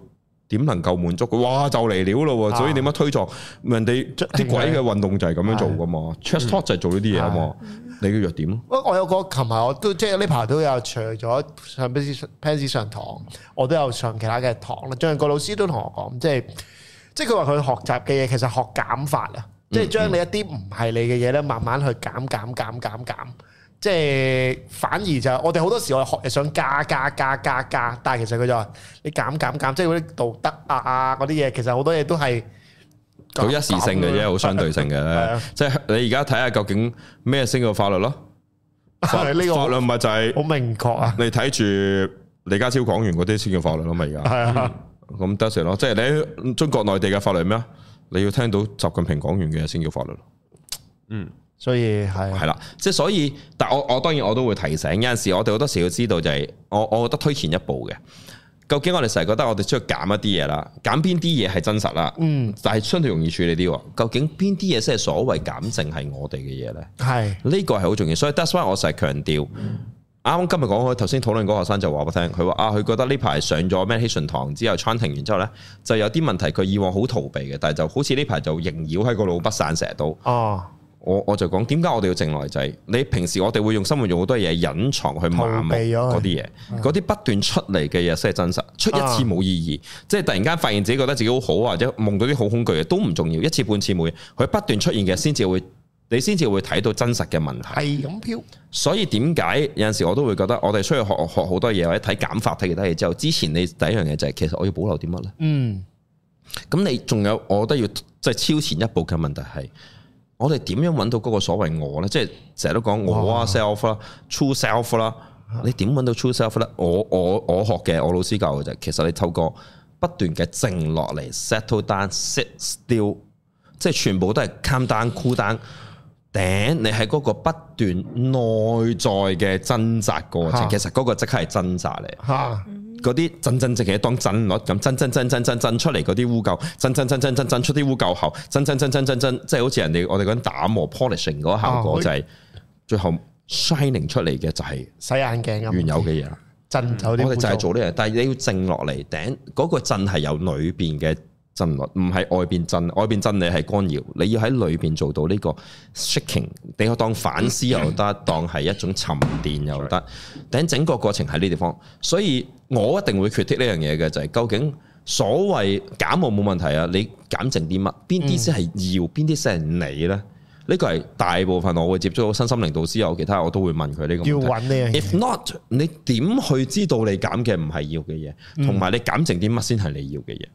點能夠滿足佢？哇，就嚟料咯，啊、所以點樣推撞人哋啲的鬼嘅運動就係咁樣做噶嘛 Trash Talk 就係做呢啲嘢啊嘛，你嘅弱點。我我有個，琴日我都即係呢排都有除咗上 Benz 上堂，我都有上其他嘅堂啦。最近個老師都同我講，即係即係佢話佢學習嘅嘢，其實學減法啊，即係將你一啲唔係你嘅嘢咧，慢慢去減減減減減。即係反而就，我哋好多時我學又想加加加加加，但係其實佢就話你減減減，即係嗰啲道德啊嗰啲嘢，其實好多嘢都係好一時性嘅，即係好相對性嘅。啊、即係你而家睇下究竟咩先叫法律咯？呢、啊、個法律咪就係好明確啊！你睇住李家超講完嗰啲先叫法律咯，咪而家係啊？咁得成咯，即係你喺中國內地嘅法律咩？你要聽到習近平講完嘅先叫法律咯。嗯。所以係係啦，即係所以，但我我當然我都會提醒，有陣時我哋好多時要知道就係、是，我我覺得推前一步嘅，究竟我哋成日覺得我哋要減一啲嘢啦，減邊啲嘢係真實啦，嗯，但係相對容易處理啲喎，究竟邊啲嘢先係所謂減剩係我哋嘅嘢咧？係呢個係好重要，所以 that's why 我成日強調，啱啱、嗯、今日講開頭先討論嗰個學生就話俾我聽，佢話啊，佢覺得呢排上咗 meditation 堂之後 training 完之後咧，就有啲問題，佢以往好逃避嘅，但係就好似呢排就縈繞喺個腦不散，成日都哦。哦。我我就講點解我哋要靜內仔？你平時我哋會用生活用好多嘢隱藏去麻痹嗰啲嘢，嗰啲不斷出嚟嘅嘢先係真實。出一次冇意義，啊、即係突然間發現自己覺得自己好好，或者夢到啲好恐懼嘅都唔重要，一次半次冇嘢。佢不斷出現嘅先至會，你先至會睇到真實嘅問題。係咁飄。所以點解有陣時我都會覺得我哋出去學學好多嘢，或者睇減法睇其他嘢之後，之前你第一樣嘢就係、是、其實我要保留啲乜呢？嗯。咁你仲有我覺得要即係超前一步嘅問題係？我哋點樣揾到嗰個所謂我呢？即係成日都講我啊 self 啦，true self 啦。你點揾到 true self 呢？我我我學嘅，我老師教嘅就其實你透過不斷嘅靜落嚟，settle down，sit still，即係全部都係 come down，cool down、cool。頂 你喺嗰個不斷內在嘅掙扎過程，哈其實嗰個即刻係掙扎嚟。嗰啲真真正嘅當振落咁振振振振振出嚟嗰啲污垢，振振振振振振出啲污垢後，振振振振振即係好似人哋我哋講打磨 polishing 嗰效果就係最後 shining 出嚟嘅就係洗眼鏡原有嘅嘢，振有啲我哋就係做呢嘢，但係你要靜落嚟頂嗰個振係有裏邊嘅。唔係外邊震，外邊震你係干擾，你要喺裏邊做到呢個 shaking。你可當反思又得，當係一種沉澱又得。頂 整個過程喺呢地方，所以我一定會 critic 呢樣嘢嘅，就係、是、究竟所謂減冇冇問題啊？你減淨啲乜？邊啲先係要，邊啲先係你咧？呢、這個係大部分我會接觸到身心靈導師，有其他我都會問佢呢個。要揾你啊！If not，你點去知道你減嘅唔係要嘅嘢，同埋你減淨啲乜先係你要嘅嘢？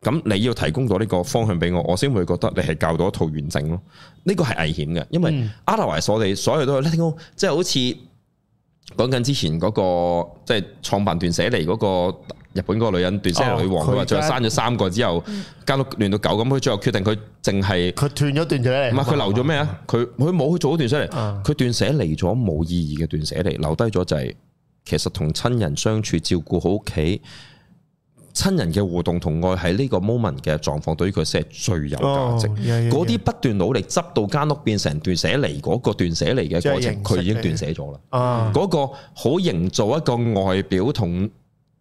咁你要提供咗呢個方向俾我，我先會覺得你係教到一套完整咯。呢個係危險嘅，因為阿 t h e r 所有都係聽，即係好似講緊之前嗰、那個，即係創辦團寫嚟嗰個日本嗰個女人斷捨離女王，佢話、哦、最後生咗三個之後，家到亂到狗咁，佢最後決定佢淨係佢斷咗斷咗咧，唔係佢留咗咩啊？佢佢冇做咗斷捨離，佢斷捨離咗冇意義嘅斷捨離，留低咗就係、是、其實同親人相處，照顧好屋企。親人嘅互動同愛喺呢個 moment 嘅狀況，對於佢先係最有價值。嗰啲、哦、不斷努力執到間屋變成斷捨離，嗰個斷捨離嘅過程，佢已經斷捨咗啦。嗰、啊、個好營造一個外表同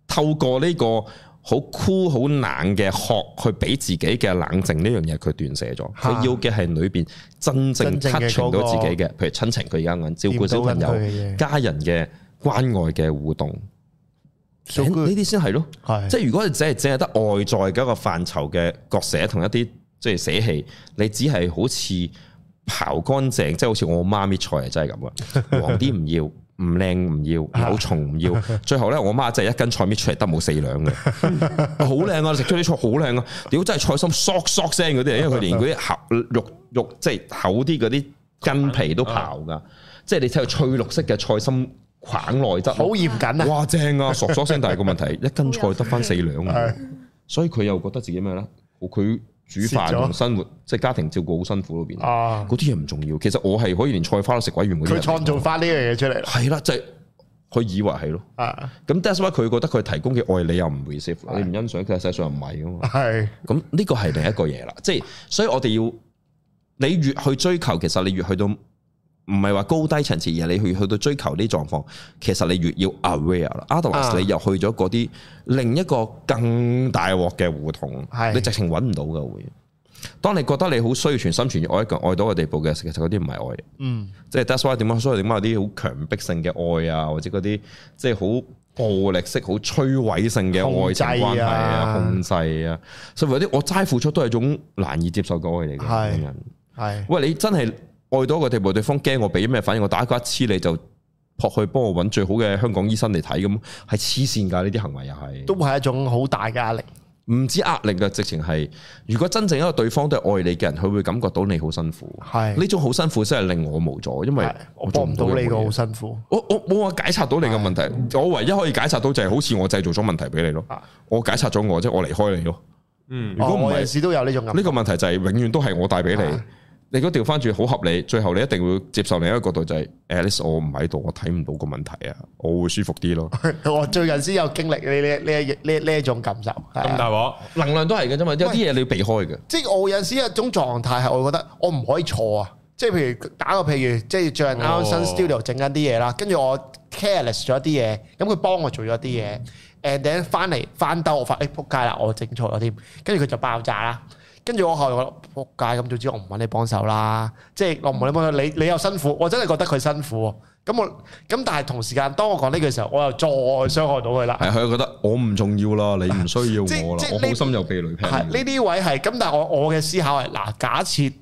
透過呢個好酷、cool、好冷嘅殼去俾自己嘅冷靜呢樣嘢，佢斷捨咗。佢要嘅係裏邊真正 cut 到自己嘅，譬如親情，佢而家按照顧小朋友、啊那個、家人嘅關愛嘅互動。呢啲先係咯，係，即係如果你只係只係得外在嘅一個範疇嘅割捨同一啲即係捨棄，你只係好似刨乾淨，即係好似我媽搣菜啊，真係咁啊，黃啲唔要，唔靚唔要，有蟲唔要，最後咧我媽就係一斤菜搣出嚟得冇四兩嘅，嗯，好靚啊，食咗啲菜好靚啊，屌真係菜心嗦嗦聲嗰啲，因為佢連嗰啲合肉肉即係厚啲嗰啲筋皮都刨噶，啊，即係你睇個翠綠色嘅菜心。棒內質好嚴謹啊！哇，正啊，嗦嗦聲，但係個問題，一斤菜得翻四兩，所以佢又覺得自己咩咧？佢煮飯同生活即係家庭照顧好辛苦嗰邊啊！嗰啲嘢唔重要，其實我係可以連菜花都食鬼完。佢創造翻呢樣嘢出嚟，係啦，即係佢以為係咯。咁 that's why 佢覺得佢提供嘅愛，你又唔 receive，你唔欣賞佢，實際上唔係㗎嘛。係咁，呢個係另一個嘢啦。即係所以我哋要你越去追求，其實你越去到。唔係話高低層次，而係你去去到追求啲狀況，其實你越要 aware 啦，otherwise 你又去咗嗰啲另一個更大鑊嘅胡同，你直情揾唔到嘅會。當你覺得你好需要全心全意愛一個愛到個地步嘅時候，其實嗰啲唔係愛。嗯，即係 that's why 點解所以點解有啲好強迫性嘅愛啊，或者嗰啲即係好暴力式、好摧毀性嘅愛情關係啊、控制啊，甚至乎啲我齋付出都係種難以接受嘅愛嚟嘅人。係，喂，你真係～愛到一個地步，對方驚我俾咩反應，我打個乞嗤你就撲去幫我揾最好嘅香港醫生嚟睇咁係黐線㗎呢啲行為又係都係一種好大嘅壓力，唔止壓力嘅，直情係如果真正一個對方都係愛你嘅人，佢會感覺到你好辛苦，係呢的種好辛苦真係令我無助，因為我做唔到你嘅好辛苦，哦、我我冇話解拆到你嘅問題，唉我唯一可以解拆到就係好似我製造咗問題俾你咯，的我解拆咗我即係、就是、我離開你咯，嗯，唔人士都有呢種感覺，呢個問題就係永遠都係我帶俾你。的你嗰調翻轉好合理，最後你一定會接受另一個角度就係、是、Alice 我唔喺度，我睇唔到個問題啊，我會舒服啲咯。 我最近先有經歷呢呢呢呢呢一種感受。咁大鑊，能量都係嘅啫嘛，是有啲嘢你要避開嘅。即係我有陣時一種狀態係，我覺得我唔可以錯啊。即係譬如打個譬如，即係最近 studio 整緊啲嘢啦，跟住、哦、我 careless 咗啲嘢，咁佢幫我做咗啲嘢，誒，等翻嚟翻兜我，我發誒仆街啦，我整錯咗添，跟住佢就爆炸啦。跟住我後嚟我撲街咁，早知我唔揾你幫手啦。即係我唔揾你幫手，你你又辛苦，我真係覺得佢辛苦。咁我咁但係同時間，當我講呢句時候，我又再傷害到佢啦。係佢覺得我唔重要啦，你唔需要我啦，我好心又被雷劈你。呢啲位係咁，但係我我嘅思考係嗱，假設。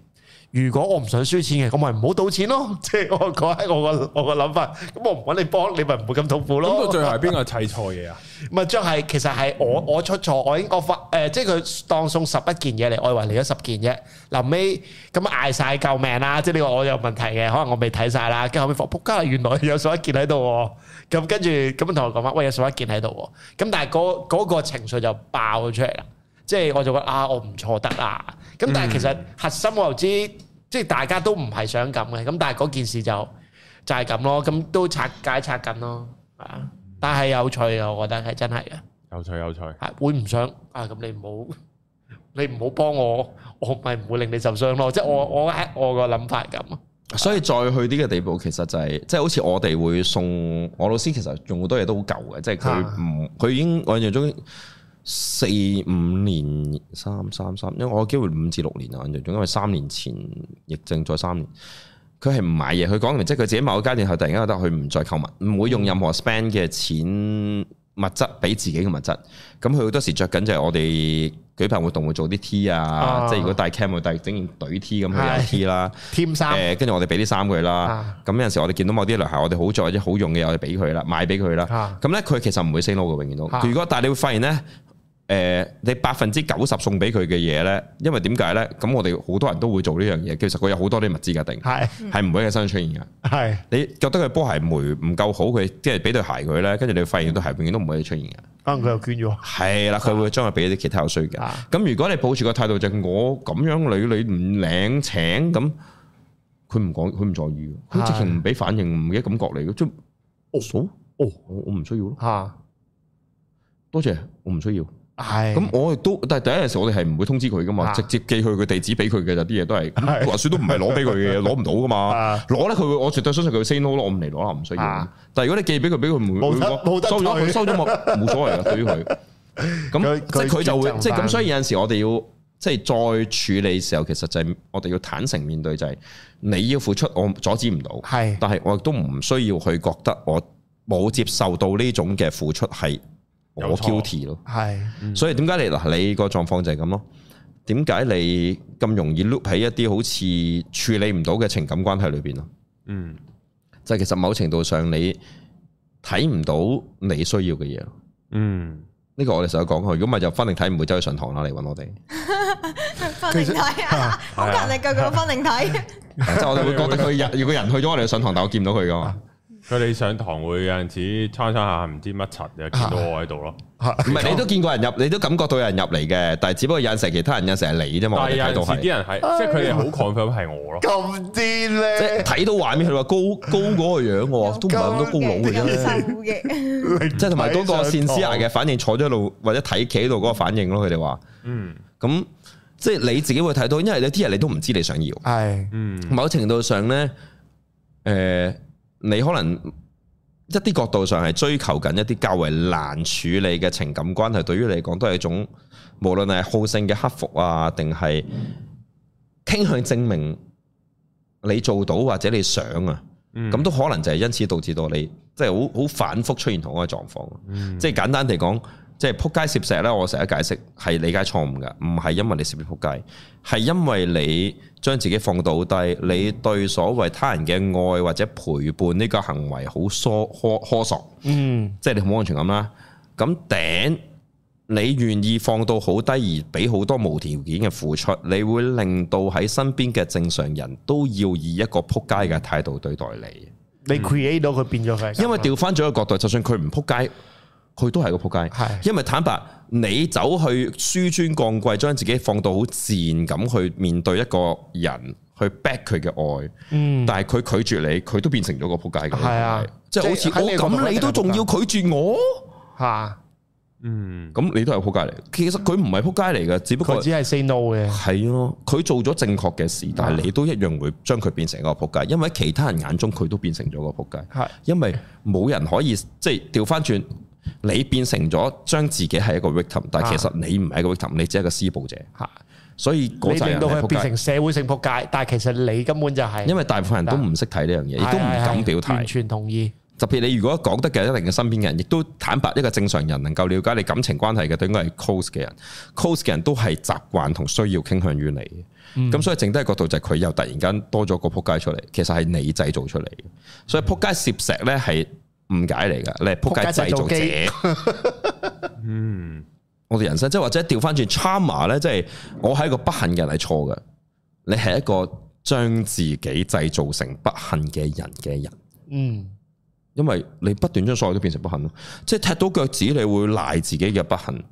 如果我唔想輸錢嘅，咁咪唔好賭錢咯。即係我講係我個我個諗法。咁我唔揾你幫，你咪唔會咁痛苦咯。咁到最後邊個砌錯嘢啊？咪即係其實係我我出錯，我已經我發、呃、即係佢當送十一件嘢嚟，我以為嚟咗十件啫。臨尾咁嗌晒救命啦，即係你話我有問題嘅，可能我未睇晒啦。跟後面仆街原來有十一件喺度。咁跟住咁同我講話，喂，有十一件喺度。咁但係、嗰、嗰、個嗰個情緒就爆咗出嚟啦。即係我就覺得：「啊，我唔錯得啦。咁但係其實核心、嗯、我又知。即係大家都唔係想咁嘅，咁但係嗰件事就就係咁咯，咁都拆解拆緊咯，啊！但係有趣啊，我覺得係真係啊，有趣有趣，係會唔想啊？咁你唔好你唔好幫我，我咪唔會令你受傷咯。嗯、即係我我我個諗法係咁啊。所以再去呢個地步，其實就係即係好似我哋會送我老師，其實用好多嘢都好舊嘅，即係佢唔佢已經我印象中。四五年三三三，因為我嘅機會五至六年啊，反因為三年前疫症再三年，佢係唔買嘢。佢講明即係佢自己某一個階段後，突然間覺得佢唔再購物，唔會用任何 spend 嘅錢物質俾自己嘅物質。咁佢好多時着緊就係我哋舉辦活動會做啲 T 啊，即係如果帶 cam 會帶整件隊 T 咁去 T 啦，添衫。誒，跟住我哋俾啲衫佢啦。咁有陣時我哋見到某啲男孩，我哋好在或者好用嘅嘢俾佢啦，買俾佢啦。咁咧佢其實唔會 say no 嘅，永遠都。如果但係你會發現咧。誒，你百分之九十送俾佢嘅嘢咧，因為點解咧？咁我哋好多人都會做呢樣嘢，其實佢有好多啲物資嘅定，係係唔會喺身出現嘅。係的你覺得佢波鞋霉唔夠好，佢即係俾對鞋佢咧，跟住你發現對鞋永遠都唔會出現嘅。可能佢又捐咗。係啦，佢會將佢俾啲其他有需要嘅。咁的如果你抱住個態度就是，我咁樣你你唔領請咁，佢唔講，佢唔在意，佢直情唔俾反應，唔俾的感覺嚟嘅。即、就、係、是、的哦，哦，哦，我我唔需要咯。吓的，多謝，我唔需要。係，咁我亦都，但係第一陣時我哋係唔會通知佢噶嘛，直接寄去佢個地址俾佢嘅，就啲嘢都係，話說都唔係攞俾佢嘅，攞唔到噶嘛，攞咧佢會，我絕對相信佢 say no 咗咯，我唔嚟攞啦，唔需要。但係如果你寄俾佢，俾佢冇錯，收咗佢，收咗我冇所謂噶，對於佢。咁佢就會，即係咁，所以有陣時我哋要即係再處理時候，其實就係我哋要坦誠面對，就係你要付出，我阻止唔到，但係我亦都唔需要去覺得我冇接受到呢種嘅付出係。我挑剔咯，係對，所以點解你嗱你個狀況就係咁咯？點解你咁容易 loop 喺一啲好似處理唔到嘅情感關係裏邊咯？嗯，就係其實某程度上你睇唔到你需要嘅嘢咯。嗯，呢個我哋成日講佢，如果唔係就分靈睇唔會走去上堂啦嚟揾我哋。分靈睇啊！我哋個個分靈睇，即係我哋會覺得佢人，如果人去咗我哋上堂，但我見唔到佢噶嘛。啊啊佢哋上堂會有陣時，餐餐下唔知乜柒嘅，見到我喺度咯。唔係你都見過人入，你都感覺到有人入嚟嘅，但係只不過有陣時其他人有時係你啫嘛。有陣時啲人係，即係佢哋好 confirm 係我咯。咁癲咧！即係睇到畫面，佢話高高嗰個樣喎，都唔係咁多高佬嘅啫。即係同埋嗰個線師奶嘅反應，坐咗喺度或者睇企喺度嗰個反應咯。佢哋話：嗯，咁即係你自己會睇到，因為有啲人你都唔知你想要。係，某程度上咧，誒。你可能一啲角度上係追求緊一啲較為難處理嘅情感關係，對於你嚟講都係一種無論係好勝嘅克服啊，定係傾向證明你做到或者你想啊，咁、嗯、都可能就係因此導致到你即係好好反覆出現同一個狀況。嗯、即係簡單地講。即係撲街攝石咧，我成日解釋係理解錯誤噶，唔係因為你涉唔撲街，係因為你將自己放到低。你對所謂他人嘅愛或者陪伴呢個行為好疏苛苛索，嗯，即係你好安全感啦。咁頂你願意放到好低，而俾好多無條件嘅付出，你會令到喺身邊嘅正常人都要以一個撲街嘅態度對待你。嗯、你 create 到佢變咗佢，因為調翻咗個角度，就算佢唔撲街。佢都係個扑街，係，因為坦白，你走去紆尊降貴，將自己放到好自然咁去面對一個人，去 back 佢嘅愛，嗯，但係佢拒絕你，佢都變成咗個扑街嘅。係啊、嗯是，即係好似我咁，你都仲要拒絕我，吓，嗯，咁你都係扑街嚟，其實佢唔係扑街嚟嘅，只不過只係 say no 嘅，係咯，佢做咗正確嘅事，但係你都一樣會將佢變成一個扑街，因為喺其他人眼中佢都變成咗個扑街，係，因為冇人可以即係調翻轉。你變成咗將自己係一個 victim，但係其實你唔係一個 victim，你只係個施暴者嚇。啊、所以你令到佢變成社會性仆街，但係其實你根本就係、是、因為大部分人都唔識睇呢樣嘢，亦都唔敢表態是是是是。完全同意。特別你如果講得嘅一定嘅身邊嘅人，亦都坦白一個正常人能夠了解你感情關係嘅，都應該係 close 嘅人。close 嘅人都係習慣同需要傾向於你咁、嗯、所以剩低角度就係佢又突然間多咗個仆街出嚟，其實係你製造出嚟。所以仆街攝石咧係。誤解嚟噶，你係撲街製造者。嗯，我哋人生即係或者調翻轉，charma 咧，Char mer, 即係我係一個不幸嘅人係，錯噶。你係一個將自己製造成不幸嘅人嘅人。嗯，因為你不斷將所有嘢都變成不幸咯，即係踢到腳趾，你會賴自己嘅不幸。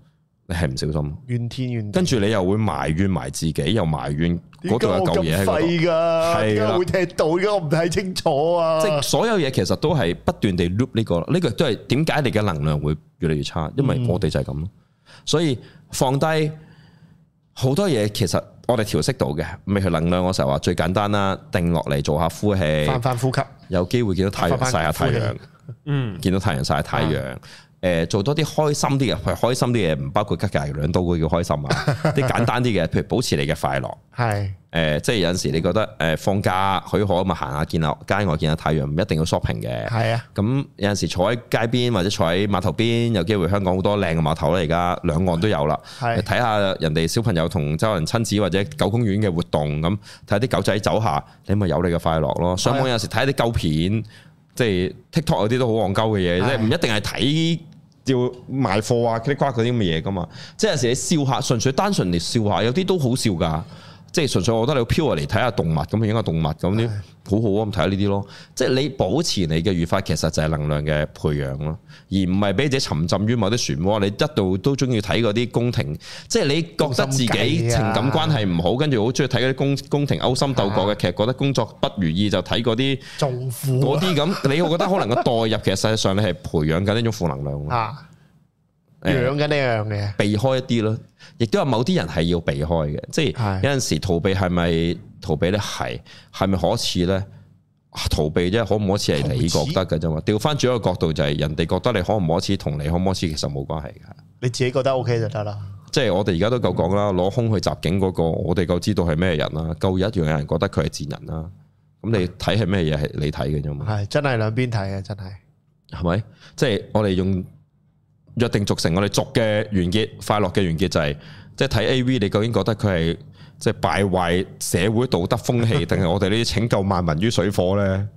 你係唔小心，怨天怨地，跟住你又會埋怨埋自己，又埋怨嗰度係舊嘢，廢噶，係啦的，會踢到，而我唔太清楚啊！即係所有嘢其實都係不斷地 loop 呢、這個，呢、這個都係點解你嘅能量會越嚟越差？因為我哋就係咁，嗯、所以放低好多嘢，其實我哋調息到嘅，唔係佢能量。我成日話最簡單啦，定落嚟做下呼氣，翻翻呼吸，有機會見到太陽晒下太陽、嗯，嗯，見到太陽晒下太陽。嗯誒做多啲開心啲嘅，譬如開心啲嘅唔包括吉吉兩刀嗰啲叫開心啊！啲 簡單啲嘅，譬如保持你嘅快樂。係誒、 呃，即係有陣時你覺得誒放假許可咪行下，見下街外，見下太陽，唔一定要 shopping 嘅。係是啊，咁有陣時坐喺街邊或者坐喺碼頭邊，有機會香港好多靚嘅碼頭啦，而家兩岸都有啦。係睇下人哋小朋友同周人親子或者狗公園嘅活動，咁睇下啲狗仔走下，你咪有你嘅快樂咯。上網有時睇下啲舊片，即係 TikTok 有啲都好戇鳩嘅嘢，即係唔一定係睇。要賣貨啊，嗰啲咁嘅嘢㗎嘛，即係有時候你笑下，純粹單純嚟笑下，有啲都好笑㗎。即係純粹，我覺得你要漂嚟睇下看看動物，咁樣嘅動物咁啲是的 好好啊，咁睇下呢啲咯。即係你保持你嘅愉快，其實就係能量嘅培養咯，而唔係俾自己沉浸於某啲漩渦。你一度都中意睇嗰啲宮廷，即係你覺得自己情感關係唔好，跟住好中意睇嗰啲宮宮廷勾心鬥角嘅劇，覺得工作不如意就睇嗰啲嗰啲咁。你會覺得可能個代入其實實際上你係培養緊呢種負能量啊。養緊呢樣嘅，欸，避開一啲咯，亦都有某啲人係要避開嘅，即係有陣時逃避係咪逃避呢？係係咪可恥呢？逃避啫，可唔可恥係你覺得嘅啫嘛？調翻轉一個角度就係人哋覺得你可唔可恥，同你可唔可恥其實冇關係嘅。你自己覺得 OK 就得啦。即係我哋而家都夠講啦，攞空去襲警嗰個，我哋夠知道係咩人啦。夠一樣有人覺得佢係賤人啦。咁你睇係咩嘢係你睇嘅啫嘛？係真係兩邊睇嘅，真係係咪？即係我哋用。約定俗成，我哋俗嘅完結、快樂嘅完結就係、是，即係睇 A.V. 你究竟覺得佢係即係敗壞社會道德風氣，定係我哋呢啲拯救萬民於水火咧？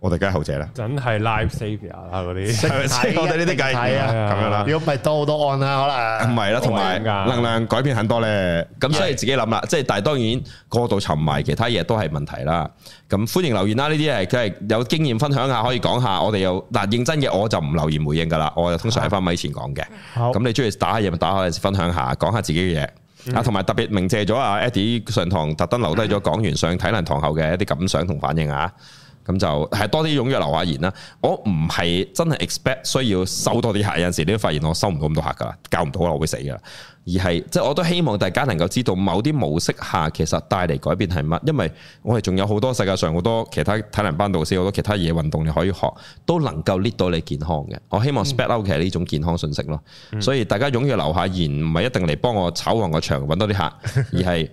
我哋梗係後者啦，真係 life savior 啦啲，看我哋呢啲計咁、啊、樣啦，如果唔係多好多案啦，可能唔係、啊、啦，同埋能量改變很多咧，咁所以自己諗啦，即係是但係當然過度沉迷其他嘢都係問題啦。咁歡迎留言啦，呢啲係佢係有經驗分享下可以講下，嗯、我哋有。嗱認真嘅我就唔留言回應噶啦，我就通常喺翻咪前講嘅。咁、啊、你中意打下嘢咪打下，分享下，講下自己嘅嘢、嗯、啊，同埋特別鳴謝咗阿 Eddie 上堂特登留低咗講完上體能堂後嘅一啲感想同反應啊。咁就係多啲踴躍留下言啦。我唔係真係 expect 需要收多啲客，有陣時你都發現我收唔到咁多客噶，教唔到我會死噶。而係即係我都希望大家能夠知道某啲模式下其實帶嚟改變係乜，因為我哋仲有好多世界上好多其他體能班導師，好多其他嘢運動你可以學，都能夠 lead 到你健康嘅。我希望 spread out 其實呢種健康信息咯。嗯、所以大家踴躍留下言，唔係一定嚟幫我炒旺個場揾多啲客，而係。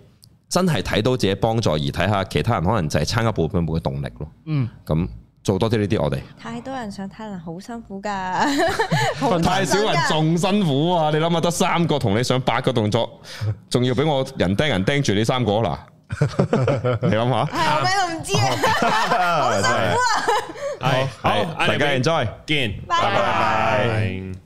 真係睇到自己幫助，而睇下其他人可能就係參加部分冇嘅動力咯。嗯，咁做多啲呢啲，我哋太多人想睇難，好辛苦噶， 太少人仲辛苦啊！你諗下，得三個同你上八個動作，仲要俾我人盯人盯住你三個嗱， 你諗下？係咪都唔知？好辛苦啊！係，好，大家 enjoy，見，拜拜。